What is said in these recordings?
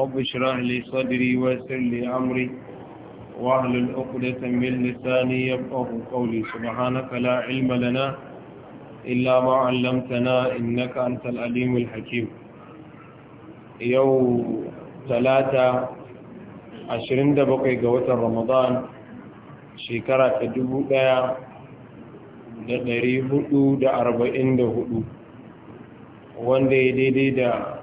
رب اشرح لي صدري ويسر لي أمري واهلل عقدة من لساني يفقه قولي سبحانك لا علم لنا إلا ما علمتنا إنك أنت العليم الحكيم يوم ثلاثة عشرين دبقي قوة رمضان شكرا تدبو دايا da ɗari hudu da arba'in da hudu wanda ya daidai da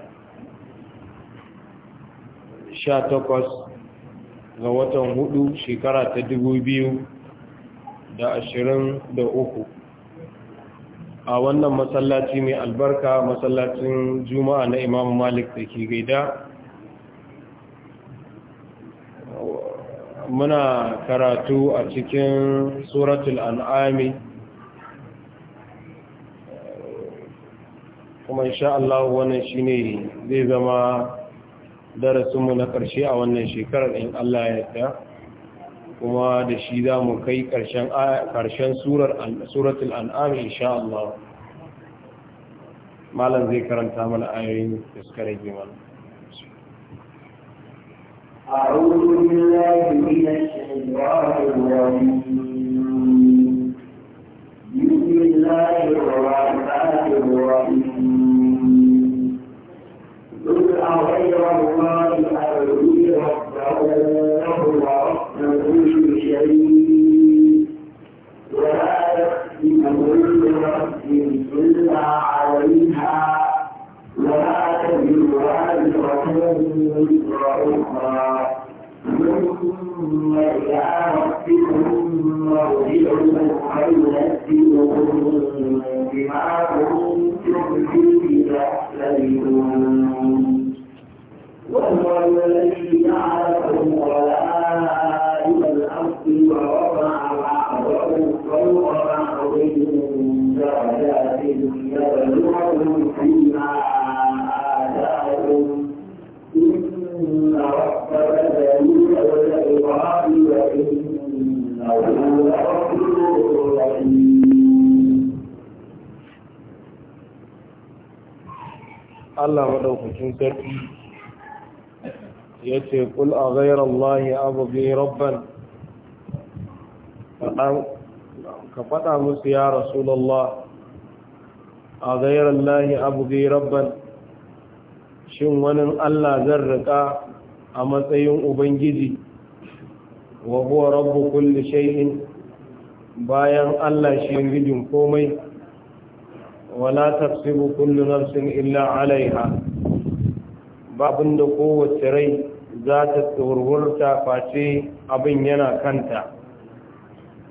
18 ga watan hudu shekara ta dubu biyu da ashirin da uku a wannan matsalaci mai albarka matsalacin juma'a na imamu malik da ke gaida muna karatu a cikin suratul an'ami kuma insha Allah wannan shine zai zama darasinmu na ƙarshe a wannan shekarar in Allah ya yarda kuma da shi za mu kai ƙarshen suratul an'am insha Allah malam zai karanta mana ayoyin da suka rage mana بسم الله الرحمن الرحيم قل أغير الله أبغي ربا له ربه شريك ولا يقسم كل نفس إلا عليها ولا تزر وازرة وزر أخرى ثم إلى ربكم مرجعكم فينبئكم بما كنتم فيه عليكم وهو الذي جعل لكم خلائف الأرض ورفع بعضكم فوق بعض درجات ليبلوكم فيما Allah maɗaukakin sarki ya ce kul a ghairar Allah ya abubuwa rabban ka faɗa musu ya rasulallah a ghairar Allah ya abubuwa rabban shin wani Allah zan riƙa a matsayin Ubangiji wa buwa rabbu kulli shay'in bayan Allah shi gijin komai ولا تكسب كل نفس إلا عليها babin da kowace rai za ta tsorurta face abin yana kanta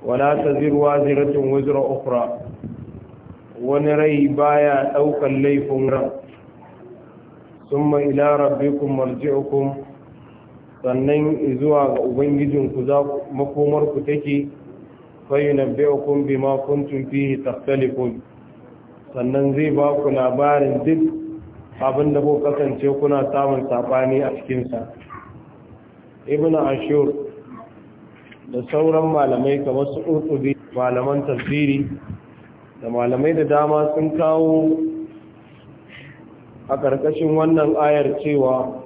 wala ta zirwa ziratun wuzra ukra wani rai baya ɗaukar laifin ran ku ila rabbikum marji'ukum sannan zuwa ga ubangijinku za makomar ku take fayyunabbi'ukum bima kuntum fihi takhtalifun sannan zai ba ku labarin duk abin da ku kasance kuna samun saɓani a cikinsa ibn ashur da sauran malamai kamar su urtubi malaman tafsiri da malamai da dama sun kawo a ƙarƙashin wannan ayar cewa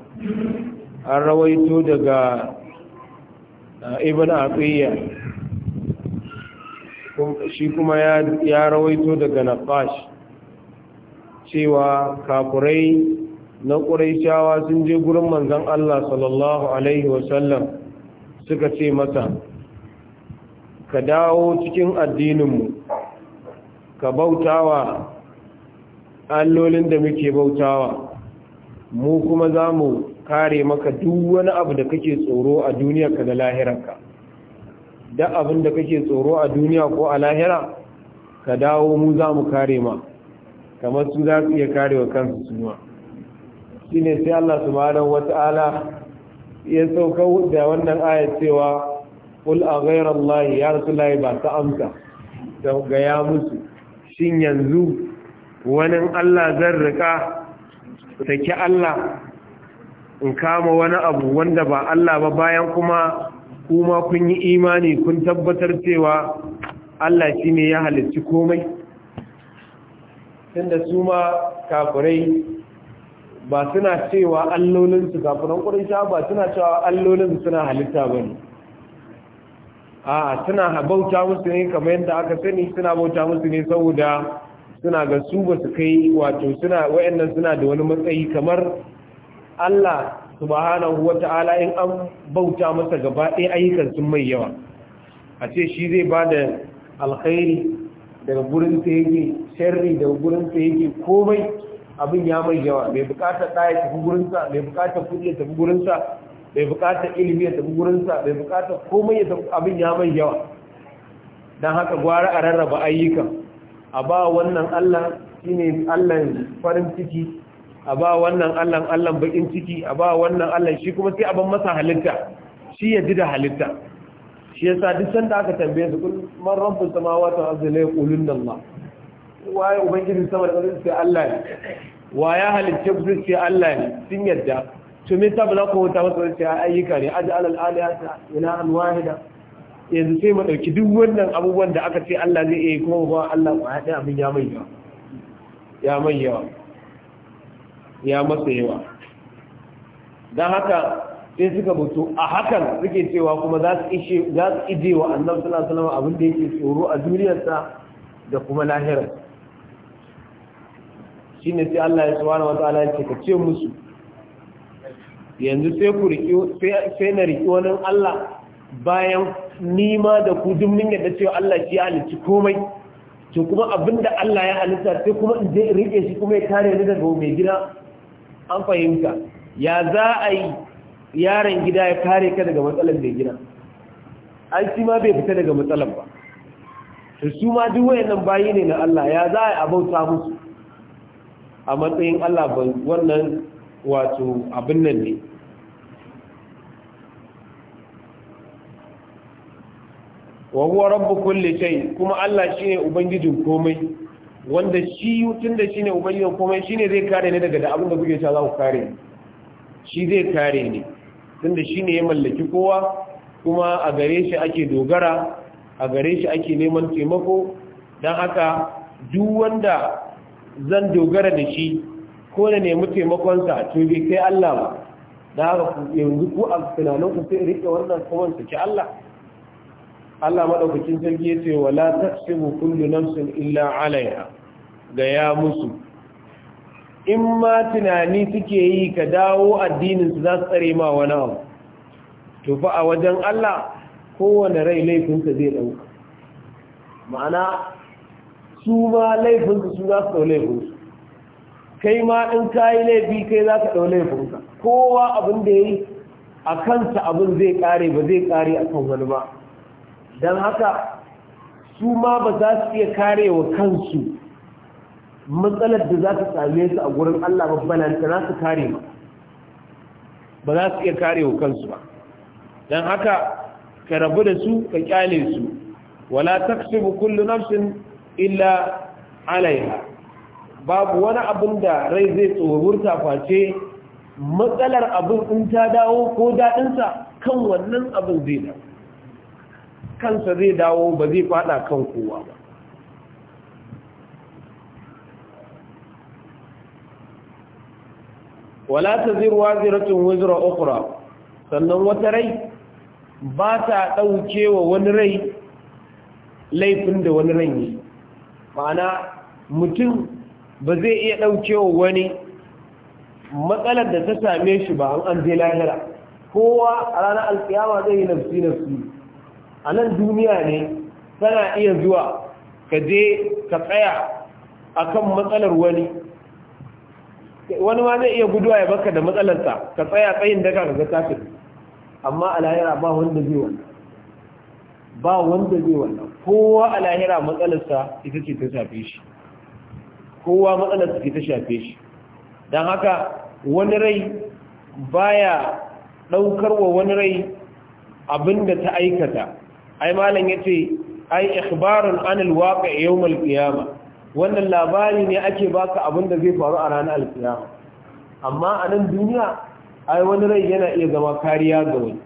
an rawaito daga eh, ibn atiyya shi kuma ya rawaito daga naqash cewa kafurai na ƙuraishawa sun je gurin manzan Allah sallallahu Alaihi wasallam suka ce masa ka dawo cikin addininmu ka bautawa allolin da muke bautawa mu kuma za mu kare maka duk wani abu da kake tsoro a duniya ka da lahirarka da abin da kake tsoro a duniya ko a lahira ka dawo mu za mu kare ma kamar su za su iya karewa kansu sunuwa shine sai Allah su subhanahu wata'ala ya sauka da wannan aya cewa ul a gairar ya rasulullahi ba ta amsa da gaya musu shin yanzu wani Allah zan rika saki Allah in kama wani abu wanda ba Allah ba bayan kuma kuma kun yi imani kun tabbatar cewa Allah shi ne ya halicci komai tunda su ma kafirai ba suna cewa allolinsu kafiran ƙurisha ba suna cewa allolinsu suna halitta ba ne a suna bauta musu ne kamar yadda aka sani suna bauta musu ne saboda suna ga su ba su kai wato suna wa'annan suna da wani matsayi kamar Allah subhanahu wata'ala in an bauta masa gaba ɗaya ayyukan sun mai yawa a ce shi zai ba da alkhairi daga gurin ta yake sirri da gurinsa yake komai abin ya mai yawa bai bukatar ɗaya tafi gurinsa bai bukata kuɗi ya tafi gurinsa bai bukata ilimi ya tafi gurinsa bai bukata komai ya tafi abin ya mai yawa don haka gwara a rarraba ayyukan a ba wannan allah shine Allah farin ciki a ba wannan Allah Allah bakin ciki a ba wannan Allah shi kuma sai aban masa halitta shi ya ji da halitta shi yasa duk sanda aka tambaye su kullum man rabbus samawati wal ardi la yaqulun Allah waye ubangiji sama da ƙasa sai Allah ne wa ya halitta ku sai Allah ne sun yadda to me ta bala ko ta masa sai ayyuka ne aj'al al ila al wahida yanzu sai mu dauki duk wannan abubuwan da aka ce Allah zai yi kuma ba Allah ba ya abin ya mai yawa ya mai yawa ya masa yawa dan haka sai suka mutu a hakan suke cewa kuma za su ishe za su ije wa annabi sallallahu alaihi wasallam abin da yake tsoro a duniyarsa da kuma lahirarsa Shi ne sai Allah ya subhanahu wataala ya ce ka ce musu yanzu sai ku sai na riƙi wani Allah bayan nima da ku duk yadda cewa Allah shi ya halicci komai to kuma abinda Allah ya halitta sai kuma in je riƙe shi kuma ya kare ni daga mai gida an fahimta ya za a yi yaron gida ya kare ka daga matsalar mai gida an shi ma bai fita daga matsalar ba to su ma duk wayannan bayi ne na Allah ya za a abauta musu a matsayin Allah wannan wato abin nan ne wa huwa rabbu kulli shay kuma Allah shine ubangijin komai wanda shi tun da shine ubangijin komai shine zai kare ne daga da abin da kuke cewa za ku kare shi zai kare ne da shine ya mallaki kowa kuma a gare shi ake dogara a gare shi ake neman taimako dan haka duk wanda zan dogara da shi ko na nemi taimakonsa to bai kai Allah ba da haka yanzu ku a tunanin ku sai rike wannan kuma su ki Allah Allah madaukakin sarki ya ce wala taqsimu kullu nafsin illa alaiha ga ya musu in ma tunani suke yi ka dawo addinin su za su tsare ma wani abu to fa a wajen Allah kowane rai laifinsa zai dauka ma'ana su ma laifinsu su za su ɗau su kai ma in kayi laifi kai za ka ɗau su kowa abin da ya yi a kansa abin zai ƙare ba zai ƙare a kan wani ba don haka su ma ba za su iya kare wa kansu matsalar da za ta same su a gurin Allah babbalanta za su kare ba ba za su iya kare wa kansu ba don haka ka rabu da su ka kyale su wala taksibu kullu nafsin illa alaiha babu wani abin da rai zai tsohurta face matsalar abin in ta dawo ko daɗinsa kan wannan abin zai da kansa zai dawo ba zai fada kan kowa ba wala ta zirwa ziratun wuzura okura sannan wata rai ba ta ɗauke wa wani rai laifin da wani rai ne ma'ana mutum ba zai iya ɗaukewa wani matsalar da ta same shi ba an je lahira kowa a ranar alkiyama zai yi nafsi nafsi a nan duniya ne tana iya zuwa ka je ka tsaya a kan matsalar wani wani ma zai iya guduwa ya baka da matsalarsa ka tsaya tsayin daga ga tafi amma a lahira ba wanda zai wanda ba wanda zai wannan kowa a lahira matsalarsa ita ce ta shafe shi kowa matsalarsa ce ta shafe shi don haka wani rai baya daukar wa wani rai abinda ta aikata ai malam yace ai ikhbarun anil waqi' yawm al wannan labari ne ake baka da zai faru a ranar al amma a nan duniya ai wani rai yana iya zama kariya ga wani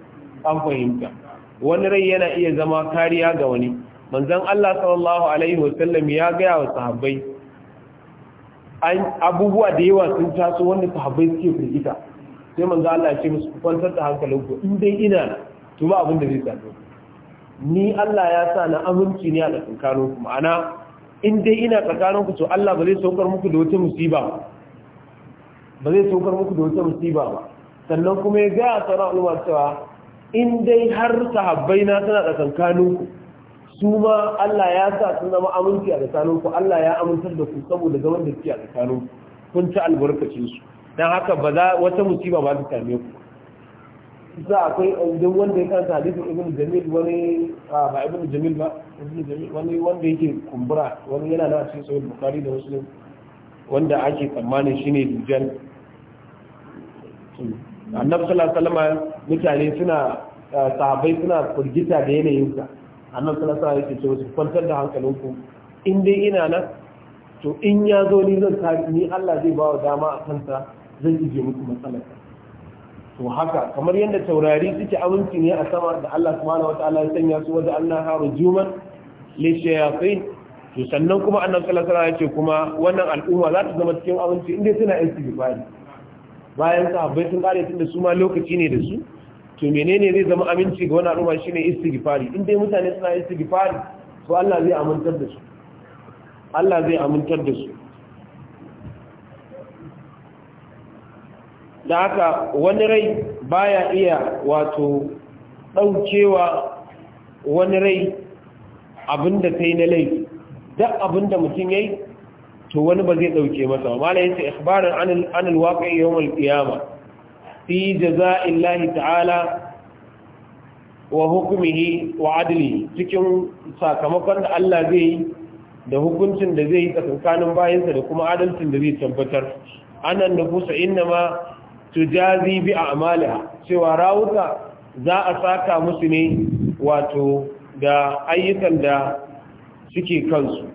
an fahimta wani rai yana iya zama kariya ga wani manzon Allah sallallahu alaihi wasallam ya gaya wa sahabbai abubuwa da yawa sun taso wanda sahabbai suke firgita sai manzon Allah ya ce musu kwantar da hankalinku in dai ina to ba abin da zai same ni Allah ya sa na aminci ne a tsakaninku ma'ana in dai ina tsakaninku to Allah ba zai saukar muku da wata musiba ba zai saukar muku da wata musiba ba sannan kuma ya ga sarau ulwa cewa in dai har sahabbai na suna tsakankaninku su ma Allah ya sa sun zama aminci a tsakaninku Allah ya amintar da ku saboda zaman da ke a tsakaninku kun ci albarkacin su dan haka ba za wata musiba ba ta same ku za akwai duk wanda ya kanta hadisi ibnu jamil wani ba ibnu jamil ba ibnu jamil wani wanda yake kumbura wani yana na cikin sahih bukhari da muslim wanda ake tsammanin shine dujan. annabi sallallahu alaihi wasallam mutane suna eh, sahabbai suna furgita da yanayin ka annabi sallallahu alaihi wasallam yake cewa su kwantar da hankalinku in dai ina nan to in ya zo ni zan ta ni Allah zai ba wa dama a kanta zan ije muku matsalar to haka kamar yadda taurari suke aminci ne a sama da Allah subhanahu wataala ya sanya su wajen Allah haru juman shayatin to sannan kuma annabi sallallahu alaihi wasallam ya ce kuma wannan al'umma za ta zama cikin aminci inda dai suna istighfari bayan sahabbai sun kare tun da su ma lokaci ne da su to menene zai zama aminci ga wani al'umma shine istighfari in dai mutane suna istighfari to Allah zai amintar da su Allah zai amintar da su da haka wani rai baya iya wato daukewa wani rai abinda kai na laifi duk abinda mutum yayi to wani ba zai dauke masa ba malai yace ikhbaran anil anil waqi yawm al qiyamah fi ta'ala wa hukumihi wa adlihi cikin sakamakon da Allah zai yi da hukuncin da zai yi tsakankanin bayansa da kuma adalcin da zai tabbatar anan nufusa innama tujazi bi a'maliha cewa rawuka za a saka musu ne wato da ayyukan da suke kansu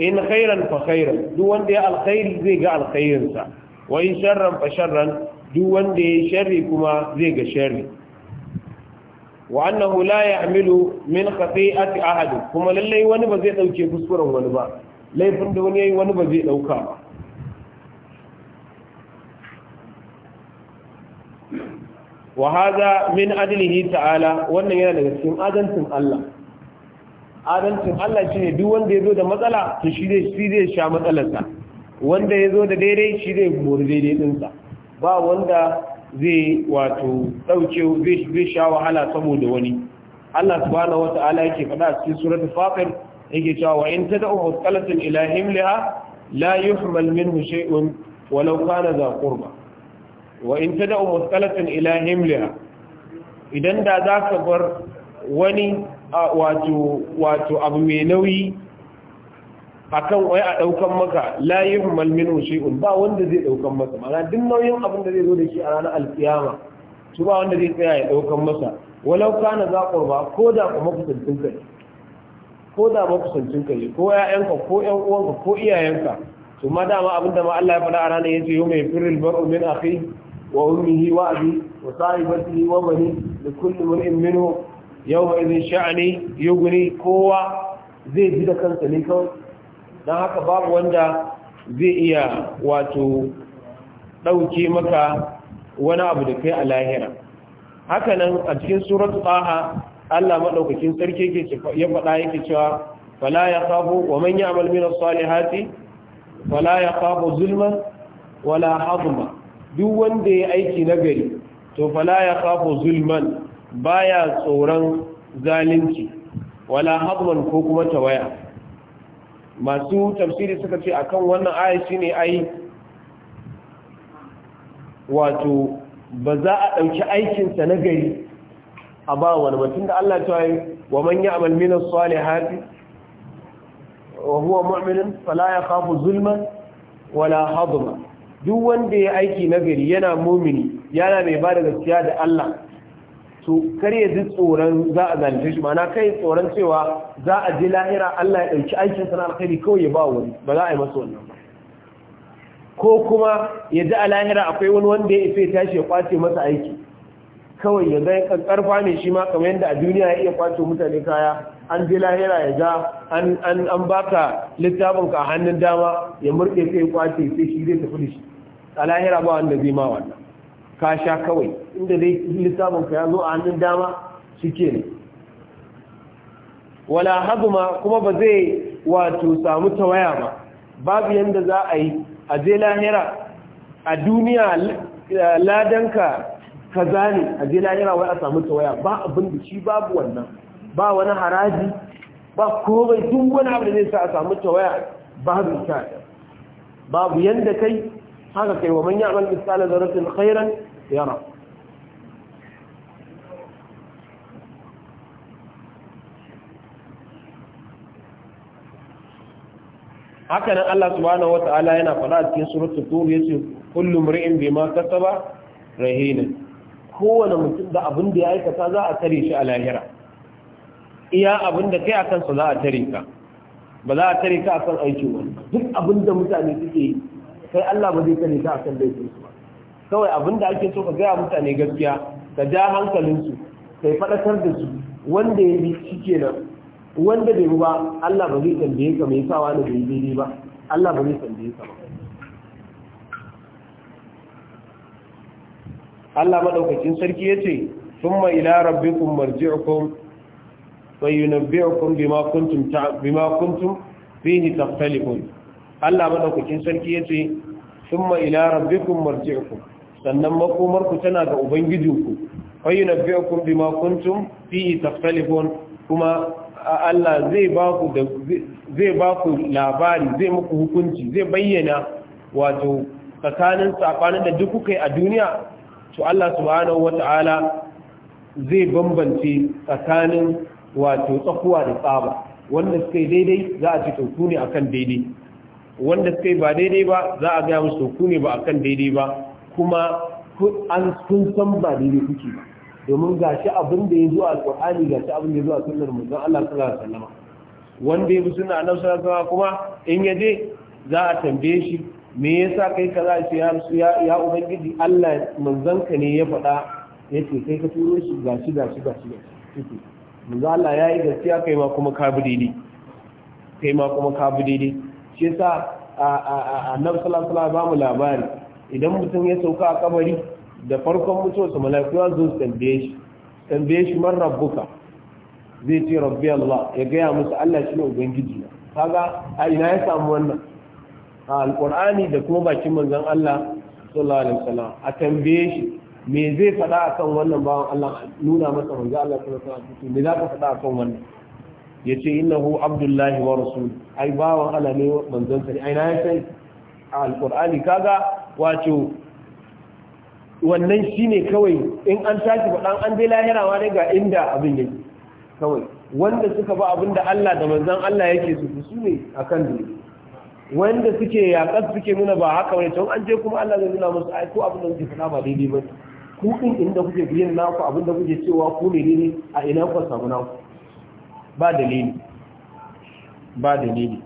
in khairan fa khairan duk wanda ya alkhairi zai ga alkhairinsa wa in sharran fa sharran duk wanda ya sharri kuma zai ga sharri wa annahu la ya'milu min khati'ati ahad kuma lallai wani ba zai dauke kuskuren wani ba laifin da wani yayi wani ba zai dauka ba wa hadha min adlihi ta'ala wannan yana daga cikin adantin Allah adalcin Allah shi ne duk wanda ya zo da matsala to shi zai shi sha matsalarsa wanda ya zo da daidai shi zai mori daidai dinsa ba wanda zai wato dauke zai sha wahala saboda wani Allah wata ala yake faɗa a cikin suratul fatir yake cewa wa in tad'u husqalatan ila himliha la yuhmal minhu shay'un walau kana za qurba wa in tad'u husqalatan ila himliha idan da za ka bar wani wato wato abu mai nauyi akan wai a daukan maka la yuhmal shi shay'un ba wanda zai daukan masa mana duk nauyin abin da zai zo da shi a ranar alkiyama su ba wanda zai tsaya ya daukan masa walau kana za qurba ko da kuma kusantin kai ko da makusancin kai ko ƴaƴanka ko ƴan uwanka ko iyayenka to ma dama abin da ma Allah ya faɗa a ranar yace yau mai firil bar'u min akhi wa ummihi wa abi wa sahibatihi wa bani li kulli mar'in minhu yau mai izin sha'ani guri kowa zai ji da kansa ne kawai don haka babu wanda zai iya wato ɗauke maka wani abu da kai a lahira hakanan a cikin surat tsaha Allah maɗaukakin sarki yake ya faɗa yake cewa fala ya sabo wa manya malmina tsali hati fala ya sabo zulma wala hazma duk wanda ya aiki nagari to fala ya sabo zulman baya tsoron zalunci wala hadman ko kuma tawaya masu tafsiri suka ce akan wannan aya shine ai wato ba za a ɗauki aikinsa na gari a ba wani mutum da Allah ta yi wa man ya'mal min as-salihati wa huwa mu'minun fala yakhafu zulman wala hadma duk wanda ya aiki na gari yana mumini yana mai ba da gaskiya da Allah to kar ya ji tsoron za a zalunce shi mana kai tsoron cewa za a je lahira Allah ya ɗauki aikin sana alkhairi kawai ya ba wani ba za a yi masa wannan ba ko kuma ya ji a lahira akwai wani wanda ya ife tashi ya kwace masa aiki kawai ya ga karfa ne shi ma kamar yadda a duniya ya iya kwace mutane kaya an je lahira ya ga an an an baka littafin ka hannun dama ya murke sai ya kwace sai shi zai tafi da shi a lahira ba wanda zai ma wannan ka sha kawai inda dai lissafin ka ya zo a hannun dama shike ne wala haduma kuma ba zai wato samu tawaya ba babu yadda za a yi a je lahira a duniya eh, ladanka kaza ne a je lahira wai a samu tawaya ba abin da shi babu wannan ba wani haraji ba komai duk wani abu da zai sa a samu tawaya babu ita babu yadda kai haka kai wa man ya'mal misalan dharratin khairan يرى haka nan Allah subhanahu wata'ala yana faɗa a cikin suratul tur yace kullum ri'in bima kasaba rahina kowane mutum da abin da ya aikata za a tare shi a lahira iya abin da kai akan sa za a tare ka ba za a tare ka akan aiki wani duk abin da mutane suke yi sai Allah ba zai tare ka akan laifin su ba kawai abinda ake so ka gaya mutane gaskiya ka ja hankalinsu kai faɗakar da su wanda ya bi shi kenan wanda bai ba Allah ba zai tambaye ka mai sawa da bai daidai ba Allah ba zai tambaye ka ba Allah madaukakin sarki yace thumma ila rabbikum marji'ukum yunabbi'ukum bima kuntum bima kuntum fihi taftalifun Allah madaukakin sarki yace thumma ila rabbikum marji'ukum sannan makomarku tana ga ubangijinku fayyunabbi'ukum bima kuntum fihi takhtalifun kuma Allah zai ba ku zai ba ku labari zai muku hukunci zai bayyana wato tsakanin tsakanin da duk kai a duniya to Allah subhanahu wata'ala zai bambance tsakanin wato tsakuwa da tsaba wanda suka daidai za a ci tauku akan daidai wanda suka ba daidai ba za a gaya musu tauku ba akan daidai ba kuma an sun san ba daidai kuke Domin ga shi abin da ya zo a alƙur'ani shi abin da ya zo a sunnar Don Allah sallallahu alaihi wasallam wanda ya bi sunna annabi sallallahu alaihi kuma in ya je za a tambaye shi me yasa kai ka kaza shi ya ya ya ubangiji Allah manzon ka ne ya faɗa yace kai ka turo shi ga ga shi, gashi gashi gashi gashi manzon Allah yayi gaskiya kai ma kuma ka bi daidai kai ma kuma ka bi daidai shi yasa a a a annabi sallallahu alaihi wasallam ba mu labari idan mutum ya sauka a kabari da farkon mutuwarsa malakuwa zo su tambaye shi tambaye shi man rabbuka zai ce rabbi Allah ya gaya musu Allah shi ne ubangiji na kaga a ina ya samu wannan a alqur'ani da kuma bakin manzon Allah sallallahu alaihi wasallam a tambaye shi me zai faɗa akan wannan bawan Allah nuna masa manzon Allah sallallahu alaihi wasallam me za ka faɗa akan wannan yace innahu abdullahi wa rasul ai bawan Allah ne manzon sa ai na ya sai a alqur'ani kaga wato wannan shine kawai in an tashi faɗan an dai lahirawa ne ga inda abin yake kawai wanda suka ba abin da Allah da manzon Allah yake su su ne akan dole wanda suke yaƙar suke nuna ba haka wani tun an je kuma Allah zai nuna musu ai ko abin da kuke faɗa ba daidai ba ku din inda kuke biyan naku abin da kuke cewa ku ne ne a ina ku samu naku ba dalili ba dalili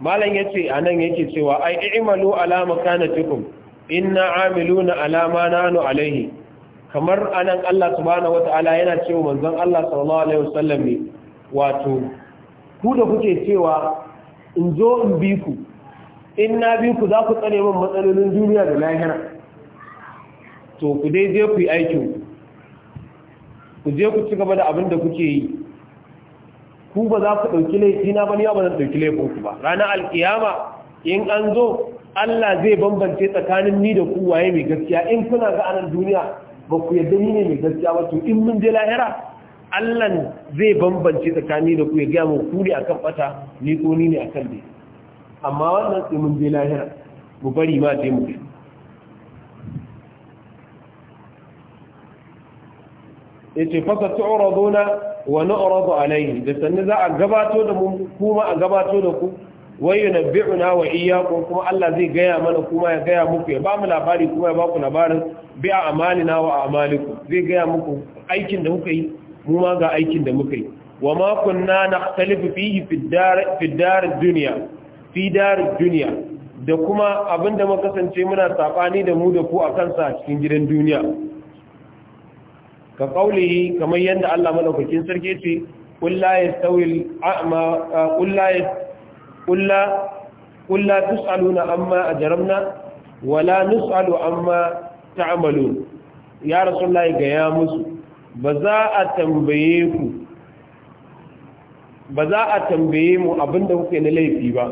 malam yace anan yake cewa ai i'malu ala makanatikum inna amiluna ala ma nanu alaihi kamar anan Allah subhanahu wataala yana cewa manzon Allah sallallahu alaihi wasallam ne wato ku da kuke cewa in zo in bi ku in na bi ku za ku tsare min matsalolin duniya da lahira to ku dai je ku yi aikin ku je ku ci gaba da abin da kuke yi ku ba za ku ɗauki laifina ba ni ba zan ɗauki laifinku ba ranar alkiyama in an zo Allah zai bambance tsakanin ni da ku waye mai gaskiya in kuna ga anan duniya ba ku yadda ni ne mai gaskiya ba to in mun je lahira Allah zai bambance tsakanin da ku ya gaya mu ku ne akan fata ni ko ni ne akan dai amma wannan sai mun je lahira mu bari ma dai mu yace fa ta tu'raduna wa na'radu alayhi da sannu za a gabato da mu kuma a gabato da ku wa yunabbi'una wa iyyakum kuma Allah zai gaya mana kuma ya gaya muku ya ba mu labari kuma ya ba ku labarin bi'a a'malina wa a'malikum zai gaya muku aikin da muka yi mu ma ga aikin da muka yi wa ma kunna nakhtalifu fihi fi dar dunya fi dar dunya da kuma abinda muka kasance muna sabani da mu da ku akan sa cikin gidan duniya ka qaulihi kamar yadda Allah madaukakin sarki ce qul la yastawi al-a'ma qul la qul la tusaluna amma ajramna wala nusalu amma ta'malun ya rasulullahi ga ya musu ba za a tambaye ku ba za a tambaye mu abinda kuke na laifi ba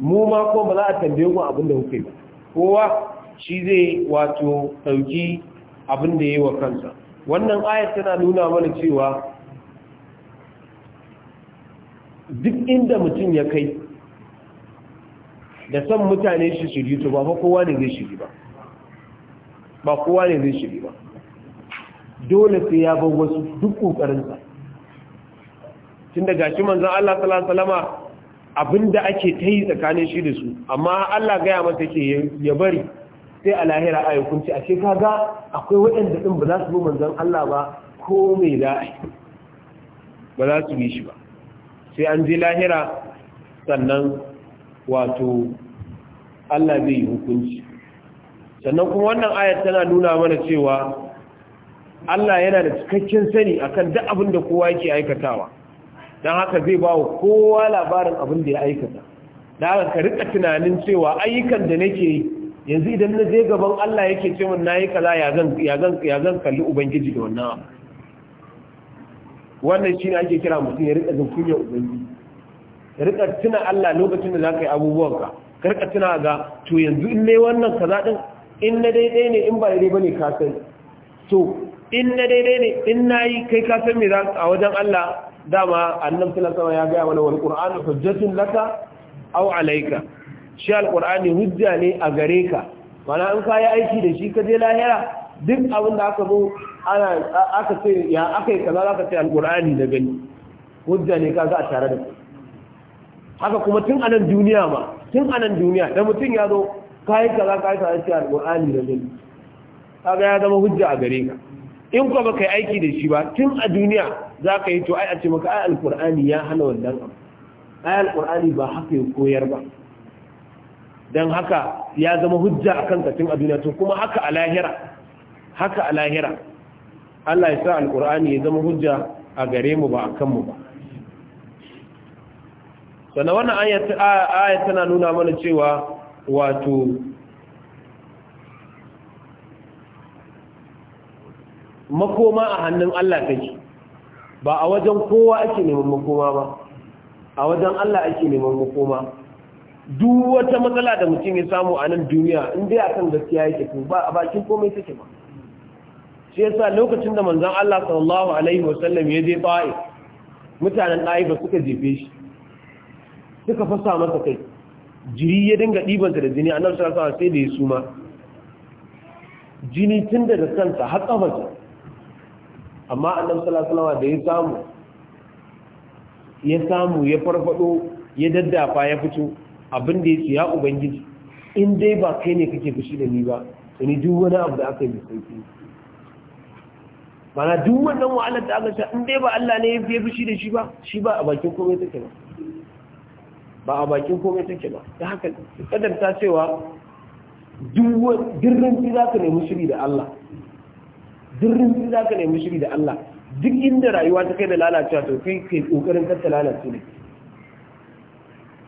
mu ma ko ba za a tambaye mu abinda kuke ba kowa shi zai wato dauki abinda yayi wa kansa wannan ayar tana nuna mana cewa duk inda mutum ya kai da son mutane shi shirye to ba kowa ne zai shiri ba ba kowa ne zai ba dole sai ya ban wasu duk ƙoƙarinsa. tun daga gashi manzon Allah sallallahu alaihi abinda ake ta yi tsakanin shi da su amma Allah gaya mata ke ya bari sai a lahira a hukunci a shi kaga akwai waɗanda ɗin ba za su bi manzon Allah ba ko mai za'a ba za su bi shi ba sai an je lahira sannan wato Allah zai yi hukunci sannan kuma wannan ayat tana nuna mana cewa Allah yana da cikakken sani akan duk abin da kowa yake aikatawa don haka zai ba kowa labarin abin da ya aikata na haka ka rika tunanin cewa ayyukan da nake yanzu idan na je gaban Allah yake ce min nayi kaza ya zan ya ya kalli ubangiji da wannan wannan wannan ne ake kira mutum ya rika jin kunya ubangiji ya rika tuna Allah lokacin da ka yi abubuwanka ka rika tuna ga to yanzu in nayi wannan kaza din in na daidai ne in ba daidai bane ka san to in na daidai ne in nayi kai ka san me za a wajen Allah dama annabi sallallahu alaihi wasallam ya ga wani wani qur'an hujjatun laka aw alayka shi Alƙur'ani hujja ne a gare ka mana in ka yi aiki da shi ka je lahira duk abin da aka zo ana aka ce ya aka yi kaza ka ce Alƙur'ani da gani hujja ne kaga a tare da haka kuma tun anan duniya ma tun anan duniya da mutum ya zo ka yi kaza ka yi kaza ce alkur'ani da gani kaga ya zama hujja a gare ka in kuma baka yi aiki da shi ba tun a duniya za ka yi to ai a ce maka ai Alƙur'ani ya hana wannan abu ai Alƙur'ani ba haka ya koyar ba don haka ya zama hujja a kan kacin a duniya to kuma haka a lahira haka a lahira Allah ya sa alƙur'ani ya zama hujja a gare mu ba a kanmu ba sannan wannan aya tana nuna mana cewa wato makoma a hannun Allah take ba a wajen kowa ake neman makoma ba a wajen Allah ake neman makoma duk wata matsala da mutum ya samu a nan duniya in dai kan gaskiya yake to ba a bakin komai take ba shi yasa lokacin da manzon Allah sallallahu alaihi wasallam ya je ba'i mutanen ba suka jefe shi suka fasa masa kai jiri ya dinga ɗibanta da jini annabi sallallahu alaihi sai da ya suma jini tun daga kansa har kafarsa amma annabi sallallahu alaihi wasallam da ya samu ya samu ya farfado ya daddafa ya fito abin da yake ya ubangiji in dai ba kai ne kake fushi da ni ba to ni duk wani abu da aka yi sauki mana duk wannan wa'alar da aka sha in dai ba Allah ne ya fushi da shi ba shi ba a bakin komai take ba ba a bakin komai take ba ta haka ta cewa dirrinci za ka nemi shiri da Allah dirrinci za ka nemi shiri da Allah duk inda rayuwa ta kai da lalacewa to kai kai kokarin kar ta lalace ne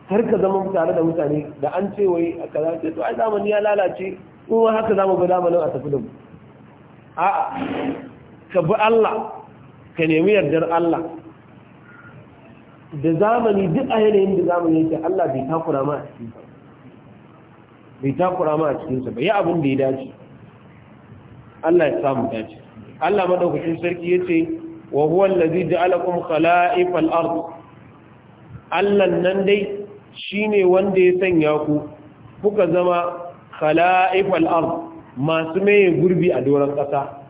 kar ka zama tare da mutane da an ce wai a kaza ce to ai zamani ya lalace kuma haka zamu ga zamanin a tafi da mu a'a ka bi Allah ka nemi yardar Allah da zamani duk a yanayin da zamani yake Allah bai takura ma a cikin bai takura ma a cikin sa ba ya abin da ya dace Allah ya samu dace Allah madaukakin sarki yace wa huwa allazi ja'alakum khala'ifal ard Allah nan dai shine wanda ya sanya ku kuka zama khala'ifal ard masu maye gurbi a doron ƙasa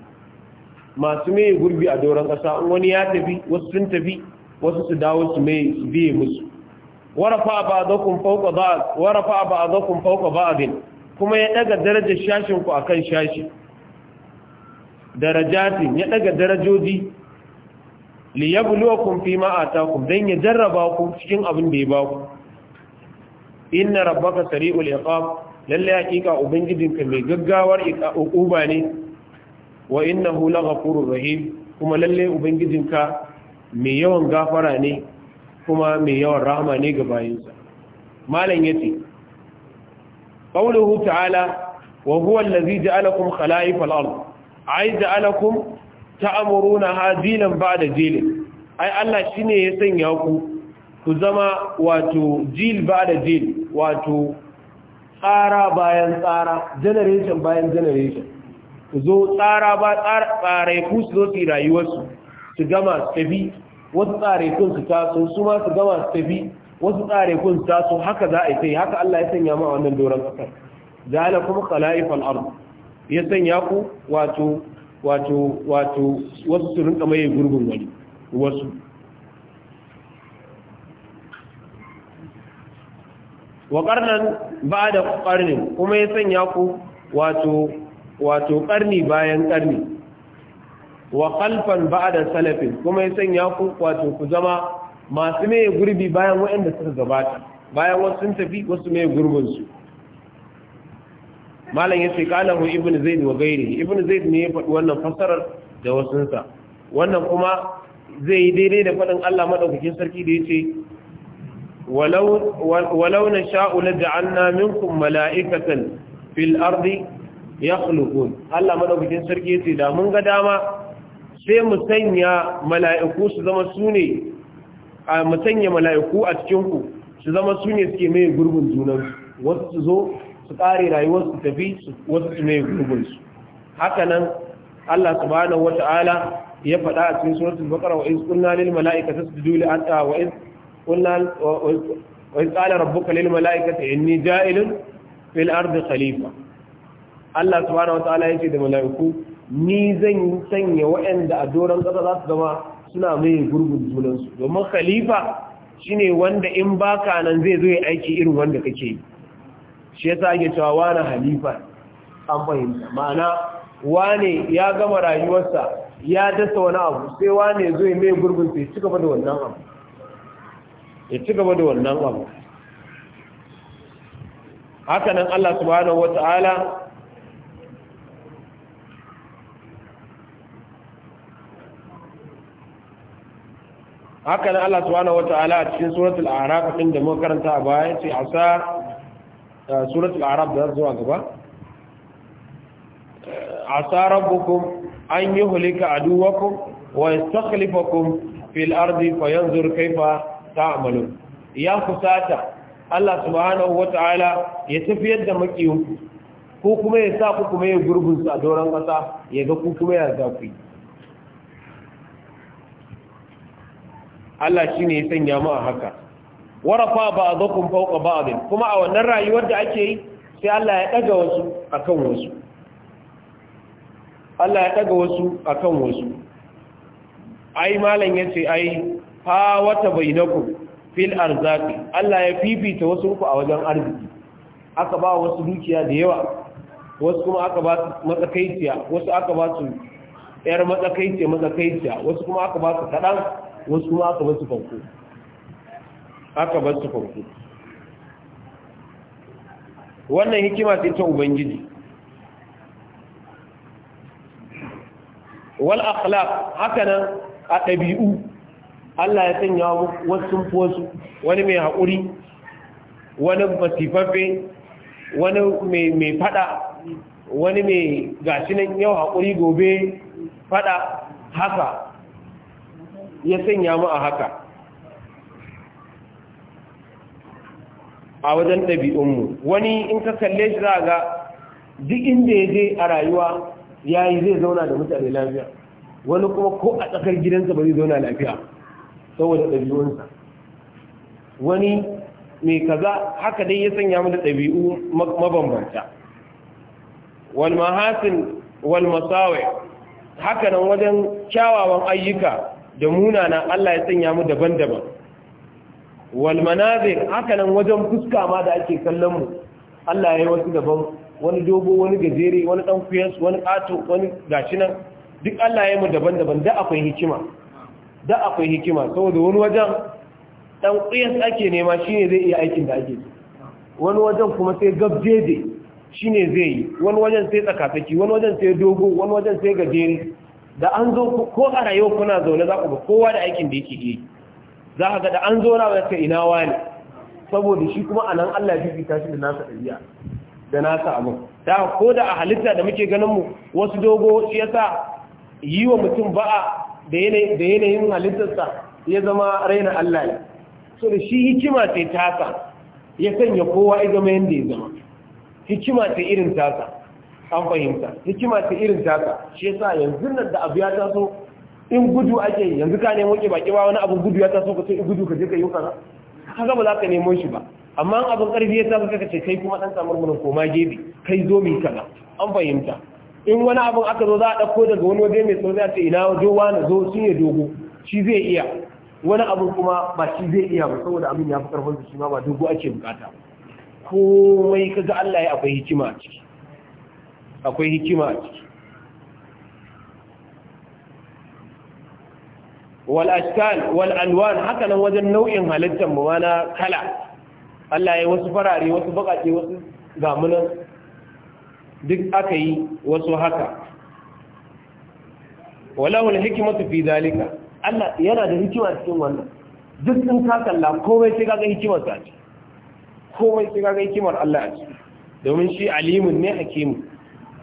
masu maye gurbi a doron ƙasa wani ya tafi wasu sun tafi wasu su dawo su maye su biye musu warafa ba'dakum fawqa ba'd warafa ba'dakum fawqa ba'd kuma ya daga darajar shashin ku akan shashi darajati ya daga darajoji liyabluwakum fima atakum dan ya jarraba ku cikin abin da ya ba ku inna rabbaka sari'ul iqab lalle hakika ubangijinka mai gaggawar uquba ne wa innahu laghafurur rahim kuma lalle ubangijinka mai yawan gafara ne kuma mai yawan rahama ne ga bayinsa malam yace qawluhu ta'ala wa huwa allazi ja'alakum khala'if al-ard ay ja'alakum ta'muruna hadilan ba'da jilin ai Allah shine ya sanya ku ku zama wato jil ba da jil wato tsara bayan tsara generation bayan generation ku zo tsara ba tsare ku su zo su rayuwarsu su gama su tafi wasu tsare kun su taso su ma su gama su tafi wasu tsare kun su taso haka za a yi sai haka Allah ya sanya ma wannan doron kasar zala kuma khala'ifal ard ya sanya ku wato wato wato wasu su rinka mai gurbin wani wasu wa ba da qarnin kuma ya sanya ku wato wato bayan karni wa ba da salafin kuma ya sanya ku wato ku zama masu mai gurbi bayan waɗanda suka gabata bayan wasu sun tafi wasu mai gurbin su malam yace kalahu ibn zaid wa ibnu ibn zaid ne ya faɗi wannan fassarar da wasunsa wannan kuma zai yi daidai da faɗin Allah madaukakin sarki da ce. ولو, ولو نشاء لجعلنا منكم ملائكة في الأرض يخلقون الله مدوكتين سرقيتي دا من قداما sai mu sanya mala'iku su zama su ne a mu sanya mala'iku a cikinku su zama su ne suke mai gurbin junansu wasu su zo su ƙare rayuwarsu tafi wasu su mai gurbinsu haka nan Allah subhanahu wata'ala ya faɗa a cikin suratul baqara wa iz qulna قلنا وإذ قال ربك للملائكة إني جائل في الأرض خليفة الله سبحانه وتعالى يجد ملائكو ni zan sanya waɗanda a doron ƙasa za su zama suna mai gurgun junansu domin khalifa shine wanda in baka nan zai zo ya aiki irin wanda kake yi shi yasa ake cewa wani Khalifa an fahimta ma'ana wane ya gama rayuwarsa ya dasa wani abu sai wane zai ya mai gurbin sai cika da wannan abu ya ci gaba da wannan abu haka nan Allah subhanahu wata'ala haka nan Allah subhanahu wata'ala a cikin suratul a'raf din da muka karanta a baya ce asa suratul a'raf da zuwa gaba asa rabbukum an yuhlika aduwakum wa yastakhlifakum fil ardi fayanzur kayfa ta'amalu ya kusata Allah subhanahu wata'ala ya tafiyar da makiyu ko kuma ya sa ku kuma ya gurbin su a doron kasa ya ga ku kuma ya za ku yi Allah shine ya sanya mu a haka warafa ba'dakum fawqa ba'd kuma a wannan rayuwar da ake yi sai Allah ya daga wasu akan wasu Allah ya daga wasu akan wasu ai malam yace ai ha wata bainakum fil arzaki Allah ya fifita wasu ku a wajen arziki aka ba wasu dukiya da yawa wasu kuma aka ba su matsakaiciya wasu aka ba su yar matsakaiciya matsakaiciya wasu kuma aka ba su kaɗan wasu kuma aka ba su fanko aka ba su fanko wannan hikima ce ta ubangiji wal akhlaq haka nan a ɗabi'u Allah ya sanya wasu wasu wani mai haƙuri wani masifaffe wani mai fada wani mai gashinan yau haƙuri gobe fada haka ya sanya mu a haka a wajen ɗabi'unmu wani in ka kalle shi za ga duk inda ya je a rayuwa ya yi zai zauna da mutane lafiya wani kuma ko a tsakar gidansa ba zai zauna lafiya saboda ɗabi'unsa wani mai kaza haka dai ya sanya mu da ɗabi'u mabambanta wal mahasin wal masawi haka nan wajen kyawawan ayyuka da munana Allah ya sanya mu daban-daban wal manazir haka nan wajen fuska ma da ake kallon mu Allah ya yi wasu daban wani dogo wani gajere wani dan wani ato wani gashi nan duk Allah ya yi mu daban-daban da akwai hikima da akwai hikima saboda wani wajen dan kuyas ake nema shine zai iya aikin da ake wani wajen kuma sai gabjeje shine zai yi wani wajen sai tsakafaki wani wajen sai dogo wani wajen sai gajeri da an zo ko a rayuwa kuna zaune za ku ga kowa da aikin da yake yi za ka ga da an zo na wata ina wani saboda shi kuma a nan Allah ya fita shi da nasa ɗabi'a da nasa abin da ko da a halitta da muke ganin mu wasu dogo shi yasa yi wa mutum ba'a da yanayin halittarsa ya zama raina Allah ne so da shi hikima ce tasa ya sanya kowa ya zama yadda ya zama hikima ce irin tasa an fahimta hikima ce irin tasa shi sa yanzu nan da abu ya taso in gudu ake yanzu ka nemo ke baki ba wani abu gudu ya taso ka in gudu ka je ka yi kaza ga ba za ka nemo shi ba amma abin karfi ya taso ka ce kai kuma dan samu murmurin koma gebe kai zo mu yi kaza an fahimta in wani abin aka zo za a ɗauko daga wani waje mai tsawo ce ina wajo wani zo shi ne dogo shi zai iya wani abin kuma ba shi zai iya ba saboda abin ya fi karfin shi ma ba dogo ake bukata komai kaga Allah ya akwai hikima a ciki akwai hikima a ciki wal ashkal wal alwan haka nan wajen nau'in halittar mu kala Allah ya wasu farare wasu bakake wasu gamunan duk aka yi wasu haka walahul hikimatu fi zalika Allah yana da hikima cikin wannan duk sun ka kalla komai sai kaga hikimar sa ce komai sai kaga hikimar Allah a ciki domin shi alimun ne hakimu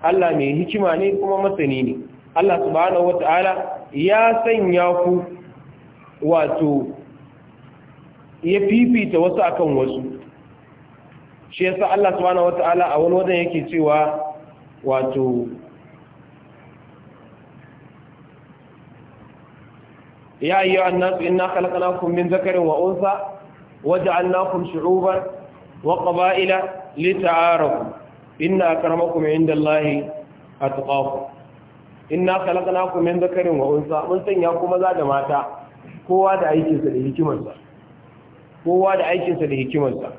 Allah mai hikima ne kuma masani ne Allah subhanahu wata'ala ya sanya ku wato ya fifita wasu akan wasu shi yasa Allah subhanahu wata'ala a wani wajen yake cewa wato ya yi yawan nasu ina kalakanakun min zakarin wa unsa waje an nakun shi'uban wa ƙaba'ila lita'araku ina a karamakun inda Allah a tuƙaku ina kalakanakun min zakarin wa unsa mun sanya kuma za da mata kowa da aikinsa da hikimarsa kowa da aikinsa da hikimarsa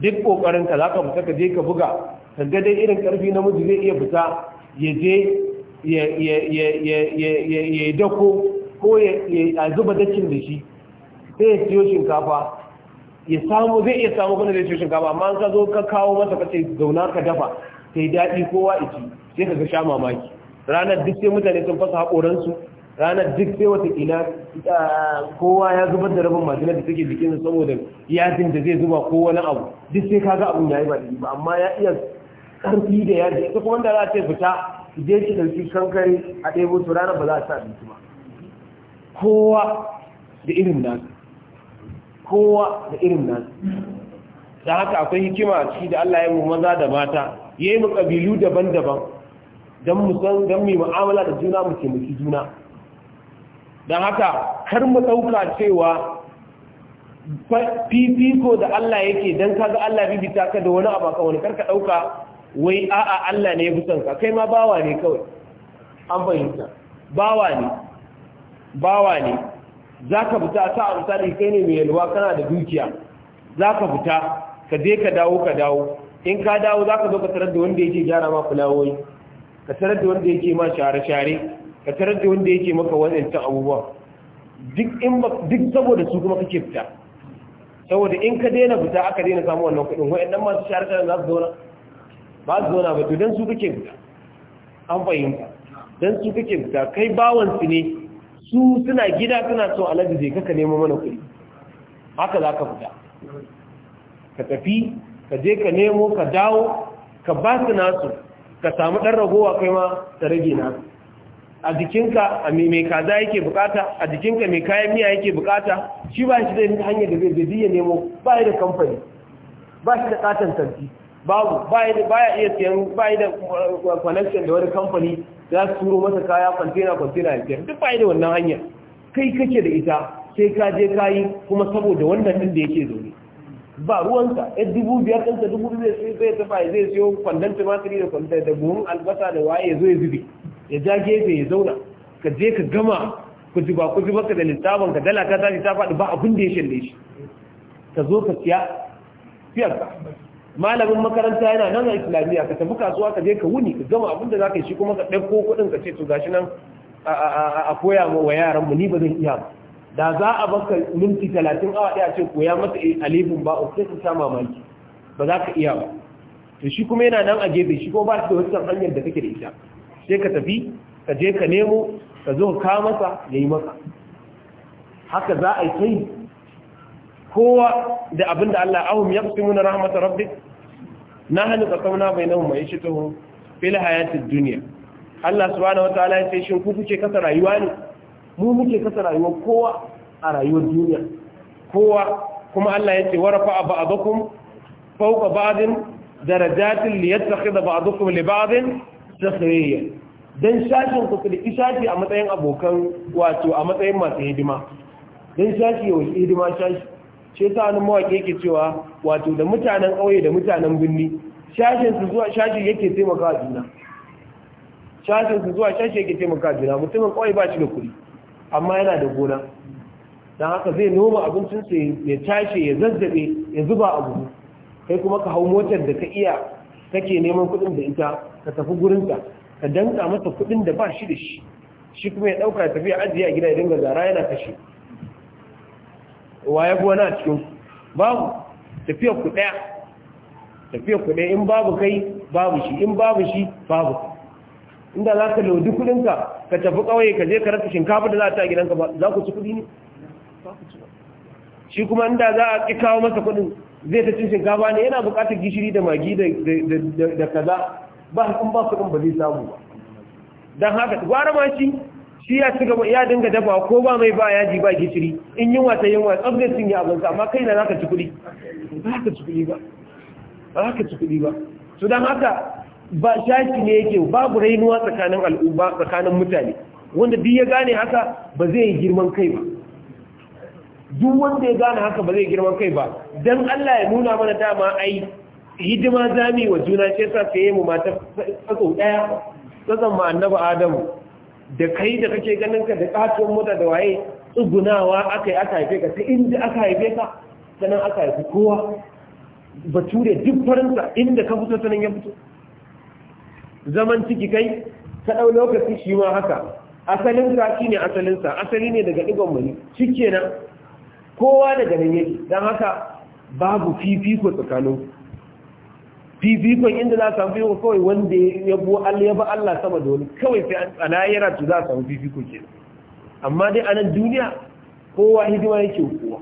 duk kokarin ka zaka fita ka je ka buga ka ga dai irin karfi miji zai iya fita ya je ya ya dako ko ya zuba dakin da shi sai ya siyo shinkafa ya samu zai iya samu kuna da siyo shinkafa amma an ka zo ka kawo masa ka zauna ka dafa sai daɗi kowa iki sai ka ga sha mamaki ranar duk sai mutane sun fasa haƙoransu ranar duk sai ina kowa ya zubar da rabin majina da take jikinsa saboda yajin da zai zuba ko wani abu duk sai kaga abin ya yi ba ba amma ya iya karfi da yaji ita kuma da za ta fita je ki ɗauki kankare a ɗebo su ranar ba za ta abinci ba kowa da irin nasu kowa da irin nasu da haka akwai hikima a ciki da Allah ya mu maza da mata ya yi mu kabilu daban-daban don mu san don mu mu'amala da juna mu taimaki juna don haka kar mu ɗauka cewa fifiko da Allah yake don kaga Allah bibita ka da wani abu ka wani karka ɗauka wai a'a Allah ne ya fi son ka kai ma bawa ne kawai an fahimta bawa ne bawa ne za ka fita ta a misali kai ne mai yalwa kana da dukiya za ka fita ka je ka dawo ka dawo in ka dawo za ka zo ka tarar da wanda yake gyara ma fulawoyi ka tarar da wanda yake ma share-share ka tarar da wanda yake maka ta abubuwa duk in duk saboda su kuma kake fita saboda in ka daina fita aka daina samu wannan kuɗin wayannan masu sharkar za su zauna ba su zauna ba to dan su kake fita an fahimta dan su kake fita kai bawan su ne su suna gida suna so alaji zai kaka nemo mana kuɗi haka za ka fita ka tafi ka je ka nemo ka dawo ka ba su nasu ka samu ɗan ragowa kai ma ta rage nasu a jikinka a mai kaza yake bukata a jikinka mai kayan miya yake bukata shi ba shi da hanyar da zai zai nemo ba da kamfani ba shi da katon kanti babu ba ya iya siyan ba da uh, connection da wani kamfani za su turo masa kaya kwantena kwantena ya duk ba ya da wannan hanyar kai kake da ita sai ka je kayi kuma saboda wannan din da yake zaune ba ruwanka ya dubu biyar ɗansa dubu zai tafi zai siyo kwandon tumatiri da kwandon da buhun albasa da waye zai zo ya zube ya ja gefe ya zauna ka je ka gama kuji ba ka baka da littafin ka dala ta tafi ta faɗi ba abin da ya shalle shi ka zo ka siya siyar ka malamin makaranta yana nan a islamiyya ka tafi kasuwa ka je ka wuni ka gama abin da za ka yi shi kuma ka ɗauko kuɗin ka ce to gashi nan a koya ma wa yaran mu ni ba zan iya ba da za a baka minti talatin awa ɗaya ce koya masa eh, alifin ba a sai ka sa mamaki ba za ka iya ba to shi kuma yana nan a gefe shi kuma ba shi da wasu hanyar da kake da ita sai ka tafi ka je ka nemo ka zo ka masa ya yi masa haka za a yi sai kowa da abin da Allah ahun ya fi muna rahmatar rabbi na hannu ka kauna bai nan mai shi taho fil hayatin duniya Allah wata wataala ya ce shin ku kuke kasa rayuwa ne mu muke kasa rayuwar kowa a rayuwar duniya kowa kuma Allah ya ce warafa ba'dakum fawqa ba'din darajatin liyattakhidha ba'dukum li ba'din tasiriyar don shashin ku kirki shashi a matsayin abokan wato a matsayin masu hidima don shashi ya wasu hidima shashi ce ta wani mawaƙe ke cewa wato da mutanen ƙauye da mutanen birni shashin su zuwa shashi yake taimaka a juna shashin su zuwa shashi yake taimaka a juna mutumin ƙauye ba shi da kuɗi amma yana da gona don haka zai noma abincinsa ya tashi ya zazzabe ya zuba a buhu kai kuma ka hau motar da ka iya kake neman kuɗin da ita ka tafi gurinta ka danka masa kuɗin da ba shi da shi shi kuma ya ɗauka ya tafi a ajiye a gida ya dinga zara yana kashe waye ya na cikin babu tafiya ku daya tafiya ku daya in babu kai babu shi in babu shi babu inda za ka lodi kuɗinka ka tafi ƙauye ka je ka rasa shinkafa da za ta gidanka ba za ku ci kuɗi ne shi kuma inda za a ƙi kawo masa kuɗin zai ta cin shinkafa ne yana bukatar gishiri da magi da kaza ba hakan ba kuɗin ba zai samu ba don haka gwara ma shi shi ya ci gaba ya dinga dafa ko ba mai ba yaji ba gishiri in wata yin yunwa tsabda sun yi abinsa amma kai na zaka ci kuɗi ba ka ci kuɗi ba ba ka ci kuɗi ba su don haka ba shaki ne yake babu rainuwa tsakanin al'umma tsakanin mutane wanda duk ya gane haka ba zai yi girman kai ba duk wanda ya gane haka ba zai girma kai ba dan Allah ya nuna mana dama ai hidima zami wa juna ce sa sai mu mata tsatso daya tsatson ma annabi Adamu da kai da kake ganin ka da katon mota da waye tsugunawa aka yi aka haife ka ta inda aka haife ka sanan aka haifi kowa ture duk farinsa inda ka fito sanan ya fito zaman ciki kai ka ɗau lokaci shi ma haka ka shi ne asalinsa asali ne daga ɗigon mani shi kowa daga ganin yake don haka babu fifiko tsakanin fifikon inda za a samu fifiko kawai wanda ya buwa Allah ya ba Allah sama da wani kawai sai an tsana yana to za a samu fifiko ke amma dai a nan duniya kowa hidima yake hukuwa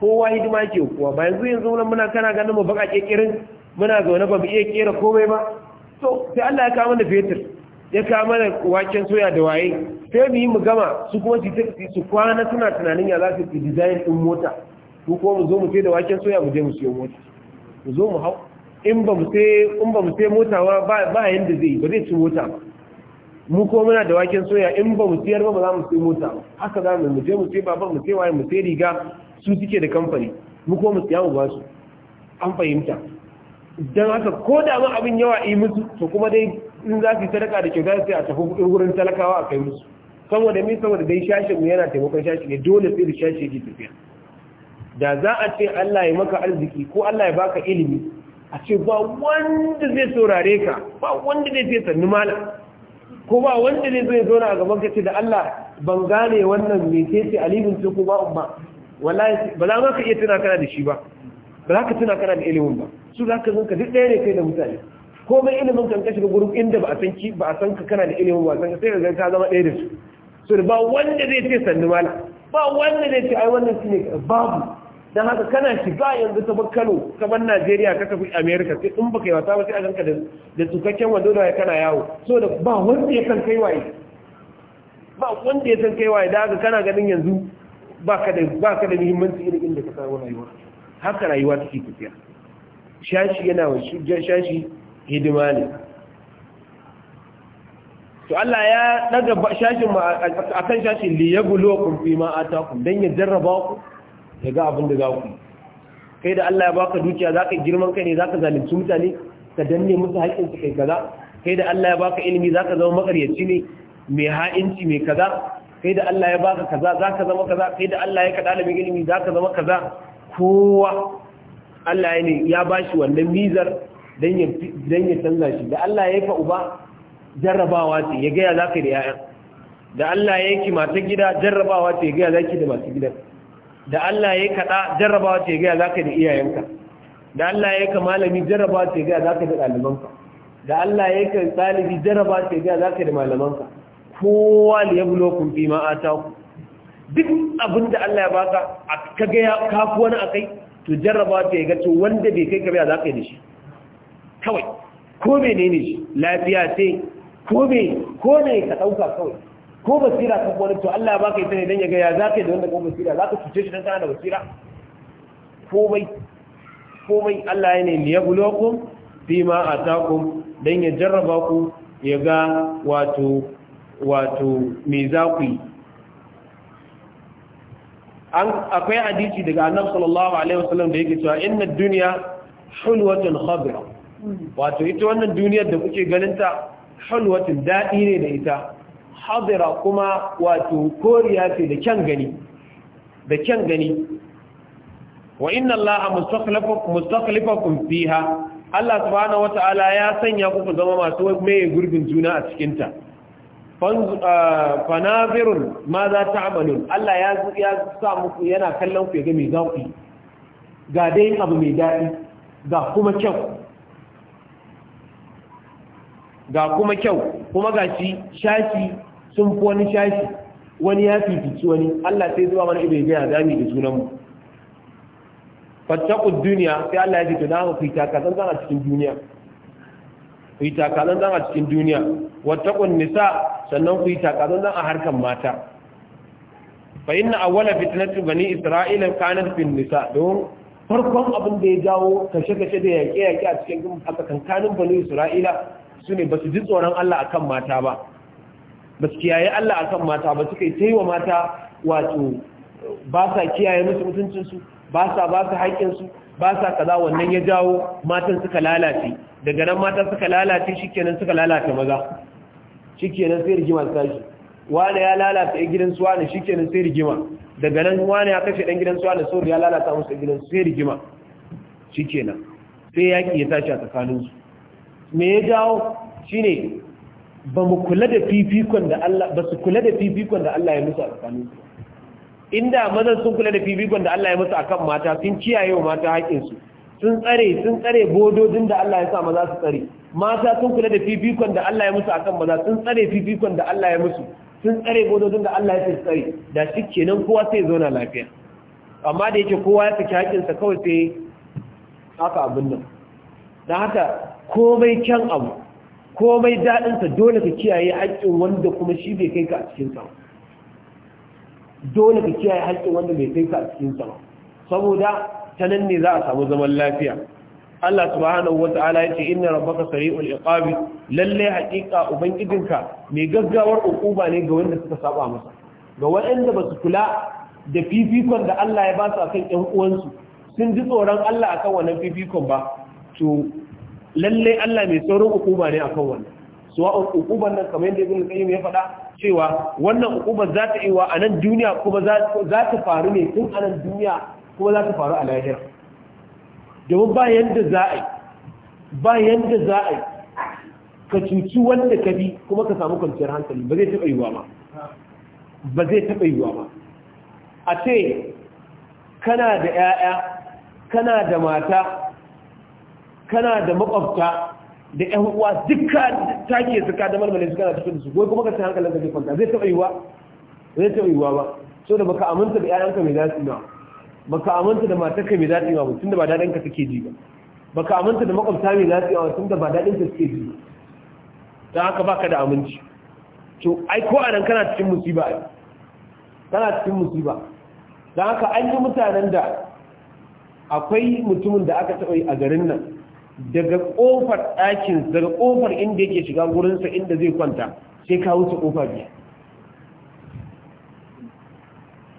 kowa hidima yake hukuwa ba yanzu yanzu wani muna kana ganin mu baka kekirin muna zaune ba mu iya kera komai ba to sai Allah ya kama da fetur ya ka mana waken soya da waye sai mu yi mu gama su kuma su su kwana suna tunanin ya za su fi design din mota ko kuma mu zo mu sai da waken soya mu je mu siyo mota mu zo mu hau in ba mu sai in ba mu sai mota ba ba yanda zai ba zai ci mota ba mu ko muna da waken soya in ba mu siyar ba ba za mu sai mota haka za mu je mu sai baban mu sai waye mu sai riga su suke da kamfani mu ko mu siya mu ba su an fahimta dan haka ko da ma abin yawa yi musu to kuma dai in za su yi sadaka da su sai a tafi wurin talakawa a kai musu saboda min saboda dai shashi mu yana taimakon shashi ne dole sai da shashi yake tafiya da za a ce Allah ya maka arziki ko Allah ya baka ilimi a ce ba wanda zai saurare ka ba wanda zai sai sannu malam ko ba wanda zai zai zauna a gaban ka ce da Allah ban gane wannan me ke ce alimin ce ko ba umma wallahi ba za ka iya tuna kana da shi ba ba za ka tuna kana da ilimin ba su za ka zanka duk ɗaya ne kai da mutane komai ilimin kan ka shiga inda ba a san ki ba a san ka kana da ilimin ba san sai ka ka zama ɗaya da su so ba wanda zai ce sannu mala ba wanda zai ce ai wannan shine babu dan haka kana shiga yanzu ta bar Kano ka bar Najeriya ka tafi America sai in baka yi wata ba sai a ganka da da tsukakken wando da kana yawo so da ba wanda ya san kai waye ba wanda ya san kai waye da haka kana ganin yanzu baka da baka da muhimmanci irin inda ka samu rayuwa haka rayuwa take tafiya shashi yana wa shashi hidima ne to Allah ya daga shashin akan shashin li kun fi ma atakum dan ya jarraba ku ga abin da za ku kai da Allah ya baka dukiya zaka girman kai ne zaka zalunci mutane ka danne musu haƙƙin su kai kaza kai da Allah ya baka ilimi zaka zama makaryaci ne mai ha'inci mai kaza kai da Allah ya baka kaza zaka zama kaza kai da Allah ya ka dalibin ilimi zaka zama kaza kowa Allah ya ne ya bashi wannan mizar don ya canza shi da Allah ya yi ka uba jarrabawa ce ya gaya za ka da ya'yan da Allah ya yi mata gida jarrabawa ce ya gaya za ki da masu gidan da Allah ya yi kaɗa jarrabawa ce ya gaya za ka da iyayenka da Allah ya yi ka malami jarrabawa ce ya gaya za ka da ɗalibanka da Allah ya yi ka ɗalibi jarrabawa ce ya gaya za ka da malamanka kowa da ya bulo kun fi ma ku duk abin da Allah ya baka ka gaya ya akai to jarrabawa ce ya ga to wanda bai kai ka biya za ka yi da shi kawai ko menene shi lafiya sai ko me ko ne ka dauka kawai ko basira ka wani to Allah baka yi sani dan ya ga ya zaka da wanda ko basira zaka cuce shi dan kana da basira komai komai Allah ya ne liyabluwakum fima atakum dan ya jarraba ku ya ga wato wato me za ku yi akwai hadisi daga annabi sallallahu alaihi wasallam da yake cewa inna dunya hulwatun khadra wato ita wannan duniyar da kuke ganinta halwatin daɗi ne da ita hadira kuma wato koriya ce da kyan gani da kyan gani wa inna allaha mustakhlifakum fiha Allah subhanahu wata'ala ya sanya ku zama masu mai gurbin juna a cikin ta ah, fanazirun ma za ta amalun Allah ya ya sa muku yana kallon ku ya ga mai za ga dai abu mai daɗi ga kuma kyau ga kuma kyau kuma ga shi shashi sun fi wani shashi wani ya fifici wani Allah sai zuwa mana ibe ya zami da sunanmu fattakun duniya sai Allah ya ji to dama ku zan a cikin duniya ku yi zan a cikin duniya wattakun nisa sannan ku yi zan a harkar mata fa inna awwala fitnatu bani isra'ila kanat fin nisa don farkon abin da ya jawo kashe-kashe da yaƙe-yaƙe a cikin kankanin bani isra'ila su ne ba su ji tsoron Allah akan mata ba ba su kiyaye Allah akan mata ba suka yi ta yi wa mata wato ba sa kiyaye musu mutuncinsu ba sa ba su haƙinsu ba sa kaza wannan ya jawo matan suka lalace daga nan mata suka lalace shikenan suka lalace maza shikenan sai rigima ta shi wani ya lalata ɗan gidan suwa ne shikenan sai rigima daga nan wani ya kashe ɗan gidan suwa ne sauri ya lalata musu ɗan gidan sai rigima shikenan sai yaƙi ya tashi a tsakaninsu me ya jawo shine ba mu kula da fifikon da Allah ba su kula da fifikon da Allah ya musu a tsakanin inda mazan sun kula da fifikon da Allah ya musu akan mata sun kiyaye wa mata haƙinsu sun tsare sun tsare bododin da Allah ya sa maza su tsare mata sun kula da fifikon da Allah ya musu akan maza sun tsare fifikon da Allah ya musu sun tsare bododin da Allah ya sa tsare da shi kenan kowa sai zauna lafiya amma da yake kowa ya saki haƙinsa kawai sai haka abin nan don haka komai kyan abu komai daɗinsa dole ka kiyaye haƙƙin wanda kuma shi bai kai ka a cikin sama dole ka kiyaye haƙƙin wanda bai kai ka a cikin sama saboda ta nan ne za a samu zaman lafiya Allah subhanahu wata'ala ya ce inna rabbaka sari'ul iqabi lalle haƙiƙa ubangijinka mai gaggawar ukuba ne ga wanda suka saba masa ga waɗanda ba su kula da fifikon da Allah ya ba su akan ƴan uwansu sun ji tsoron Allah akan wannan fifikon ba to lalle Allah mai saurin ukuba ne akan wannan suwa ukuban nan kamar yadda ibn qayyim ya faɗa cewa wannan ukuba za ta yi wa a nan duniya kuma za ta faru ne tun a nan duniya kuma za ta faru a lahira domin ba yanda za a yi ba yanda za a yi ka cuci wanda ka bi kuma ka samu kwanciyar hankali ba zai taɓa yiwa ba ba zai taɓa yiwa ba a ce kana da 'ya'ya kana da mata kana da makwabta da ƴan uwa dukka take su ka da malmalin su kana cikin su Ko kuma ka san hankalin ka zai kwanta zai taɓa yiwa zai taɓa yiwa ba so da baka aminta da ƴaƴanka mai zasu ba baka aminta da matarka mai zasu ba tun da ba daɗin ka take ji ba baka aminta da makwabta mai zasu ba tun da ba daɗin ka take ji dan haka baka da aminci to ai ko anan kana cikin musiba ai kana cikin musiba dan haka an yi mutanen da akwai mutumin da aka taɓa yi a garin nan daga kofar ɗakin daga kofar inda yake shiga gurinsa inda zai kwanta sai ka wuce kofa biyar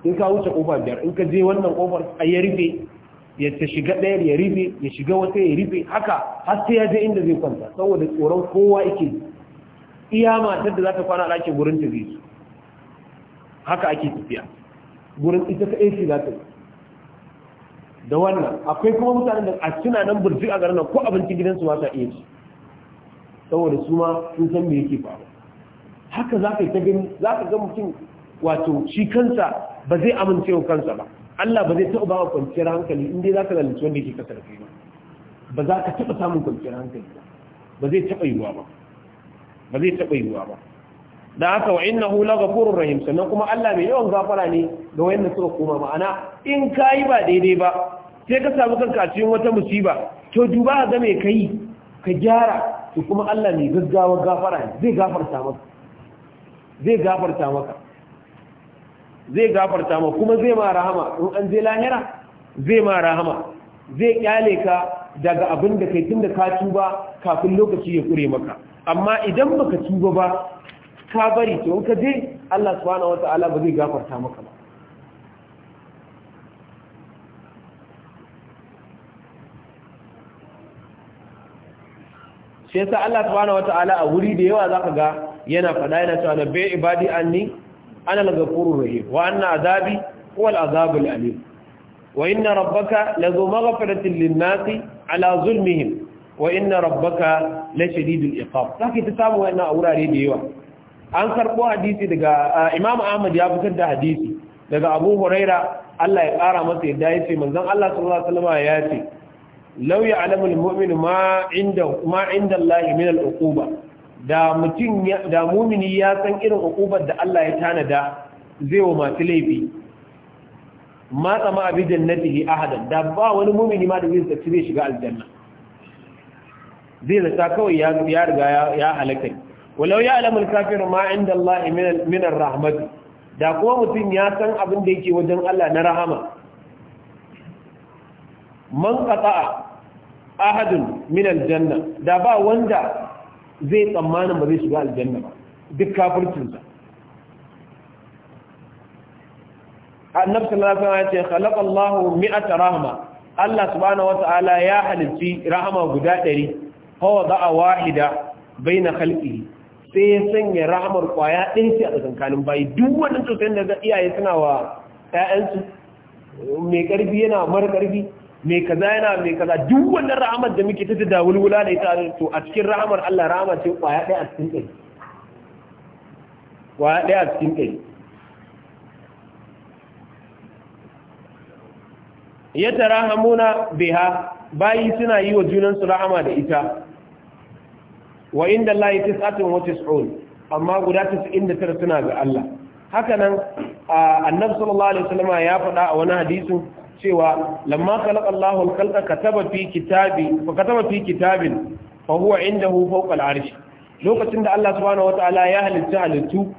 in ka wuce kofa biyar in ka je wannan kofar a ya rufe ya ta shiga ɗayar ya rufe ya shiga wata ya rufe haka har sai ya je inda zai kwanta saboda tsoron kowa yake iya ta da za ta kwana ɗakin gurin ta zai haka ake tafiya gurin ita ɗaya shi za ta yi da wannan akwai kuma mutanen da a suna nan burfi a garin nan ko abincin gidansu ba sa iya ci saboda su ma sun san me yake faru haka za ka yi ta gani za ka ga mutum wato shi kansa ba zai amince wa kansa ba Allah ba zai taɓa ba kwanciyar hankali in dai za ka lalace wanda yake kasar kai ba ba za ka taɓa samun kwanciyar hankali ba ba zai taɓa yiwuwa ba ba zai taɓa yiwuwa ba da haka wa inna hula gafurur rahim sannan kuma Allah mai yawan gafara ne ga wayanda suka koma ma'ana in kai ba daidai ba sai ka samu kanka a cikin wata musiba to duba ga me kai ka gyara to kuma Allah mai gaggawa gafara zai gafarta maka zai gafarta maka zai gafarta maka kuma zai ma rahama in an je lahira zai ma rahama zai kyale ka daga abin da kai da ka tuba kafin lokaci ya kure maka amma idan baka tuba ba ka bari to in ka je Allah subhanahu wataala ba zai gafarta maka ba shi yasa Allah subhanahu wataala a wuri da yawa zaka ga yana fada yana cewa bi ibadi anni ana al-ghafurur rahim wa anna azabi huwa al-azabul alim wa inna rabbaka lazu maghfiratin lin-nasi ala zulmihim wa inna rabbaka lashadidul iqab zaka ta samu wannan a wurare da yawa an karbo hadisi daga Imam Ahmad ya fitar da hadisi daga Abu Huraira Allah ya kara masa yadda yace manzon Allah sallallahu alaihi wasallam ya ce law ya'lamu al-mu'minu ma inda ma inda Allah min al-uquba da mutum da mumini ya san irin uqubar da Allah ya tanada zai wa masu laifi ma tsama abi a ahadan da ba wani mumini ma da zai tsaci zai shiga aljanna zai zata kawai ya ya riga ya halaka walau ya alamul kafir ma inda Allah min ar-rahmat da kuma mutum ya san abin da yake wajen Allah na rahama man qata'a ahadun min aljanna da ba wanda zai tsammanin ba zai shiga aljanna ba duk kafircinsa annabi sallallahu ya ce khalaqa mi'ata rahma Allah subhanahu wata'ala ya halitti rahama guda ɗari hawa a wahida baina khalqihi sai ya sanya rahamar kwaya ɗin ce a tsakankanin bayi duk wannan tsotsai da iyaye suna wa ƴaƴansu mai ƙarfi yana mara ƙarfi mai kaza yana mai kaza duk wannan rahamar da muke ta da wulwula da ita to a cikin rahamar Allah rahama ce kwaya ɗaya a cikin ɗari kwaya ɗaya a cikin ɗari ya tarahamuna biha bayi suna yi wa junansu rahama da ita wa inda Allah ya tis'atun wa tis'un amma guda 99 suna ga Allah haka nan annabi sallallahu alaihi wasallam ya faɗa a wani hadisin cewa lamma khalaqa Allahu al-khalqa kataba fi kitabi fa kataba fi kitabin fa huwa indahu fawqa al lokacin da Allah subhanahu wataala ya halitta halittu